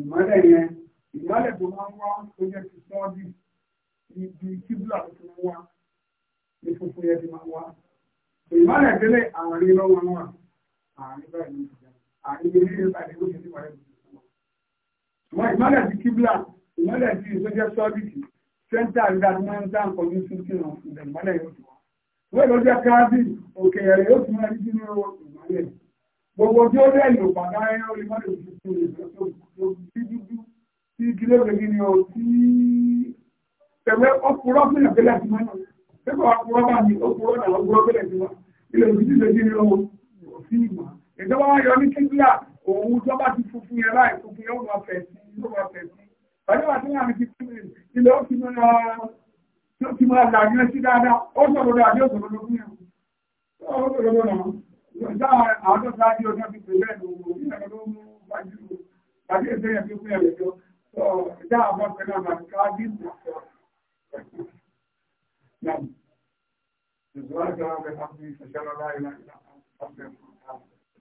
ìmọ́lẹ̀ yẹn ìmọ́lẹ̀ tó máa ń wá tó jẹ́ ti sọ́ọ́dì ibi kíbla tó ti wá ní funfun yẹn ti máa wá ìmọ́lẹ̀ délé àárín lọ́wọ́ náà àárín báyìí ló ti jẹ́ àárín ilé ní báyìí ló ti ti wáyé lójú ṣùgbọ́n ìmọ́lẹ̀ ti kíbla ìmọ́lẹ̀ ti tó jẹ́ sọ́ọ́dì ti sẹ́ńtà ìgbà tó máa ń dá nǹkan ní sínkì náà ìmọ́lẹ̀ yóò ti wá wọ́n ló jẹ́ káàdì òkè Gbogbo tí ó rẹ̀ lò pàdá ẹ̀rọ orí mọ́lẹ̀ òṣìṣẹ́ ìrẹsọ́ sí dúdú sí kílé ògbègbè ni ó tí ẹ̀wẹ́ ọkùnrọ́ fún ìyàgbélẹ̀ àti mọ́nà. Pẹ́pọ̀ ọkùnrọ́ bá ní ọkùnrọ́ náà ọkùnrọ́ bẹ̀rẹ̀ sí wa. Ilé òṣìṣẹ́ ìrẹsọ́ ní ọwọ́ sí ìmọ̀. Ìjọba wa yọ ní kíkílà òun tó bá ti funfun yẹn láì funfun yẹn ó máa fẹ̀ sí ló máa fẹ̀ sí. Bàbá wa tí wọ́n àmì ti kí mi ilé ó ti máa làyẹn sí dáadáa ó sọ̀rọ̀ dáadáa ó sọ̀rọ̀ lókun yẹn. Ó sọ̀rọ̀ lọ́nà àwọn tó ṣáájú ọjọ́ ti pè bẹ́ẹ̀ lòwò ní ẹ̀rọ ló mú wájú tàbí èdè yẹn tó fún ẹ̀rẹ̀ tó sọ ìdá àwọn ọ̀sẹ̀ náà bàtí káàdì ìpàṣọ. Ìjọba ìjọba ọ̀gá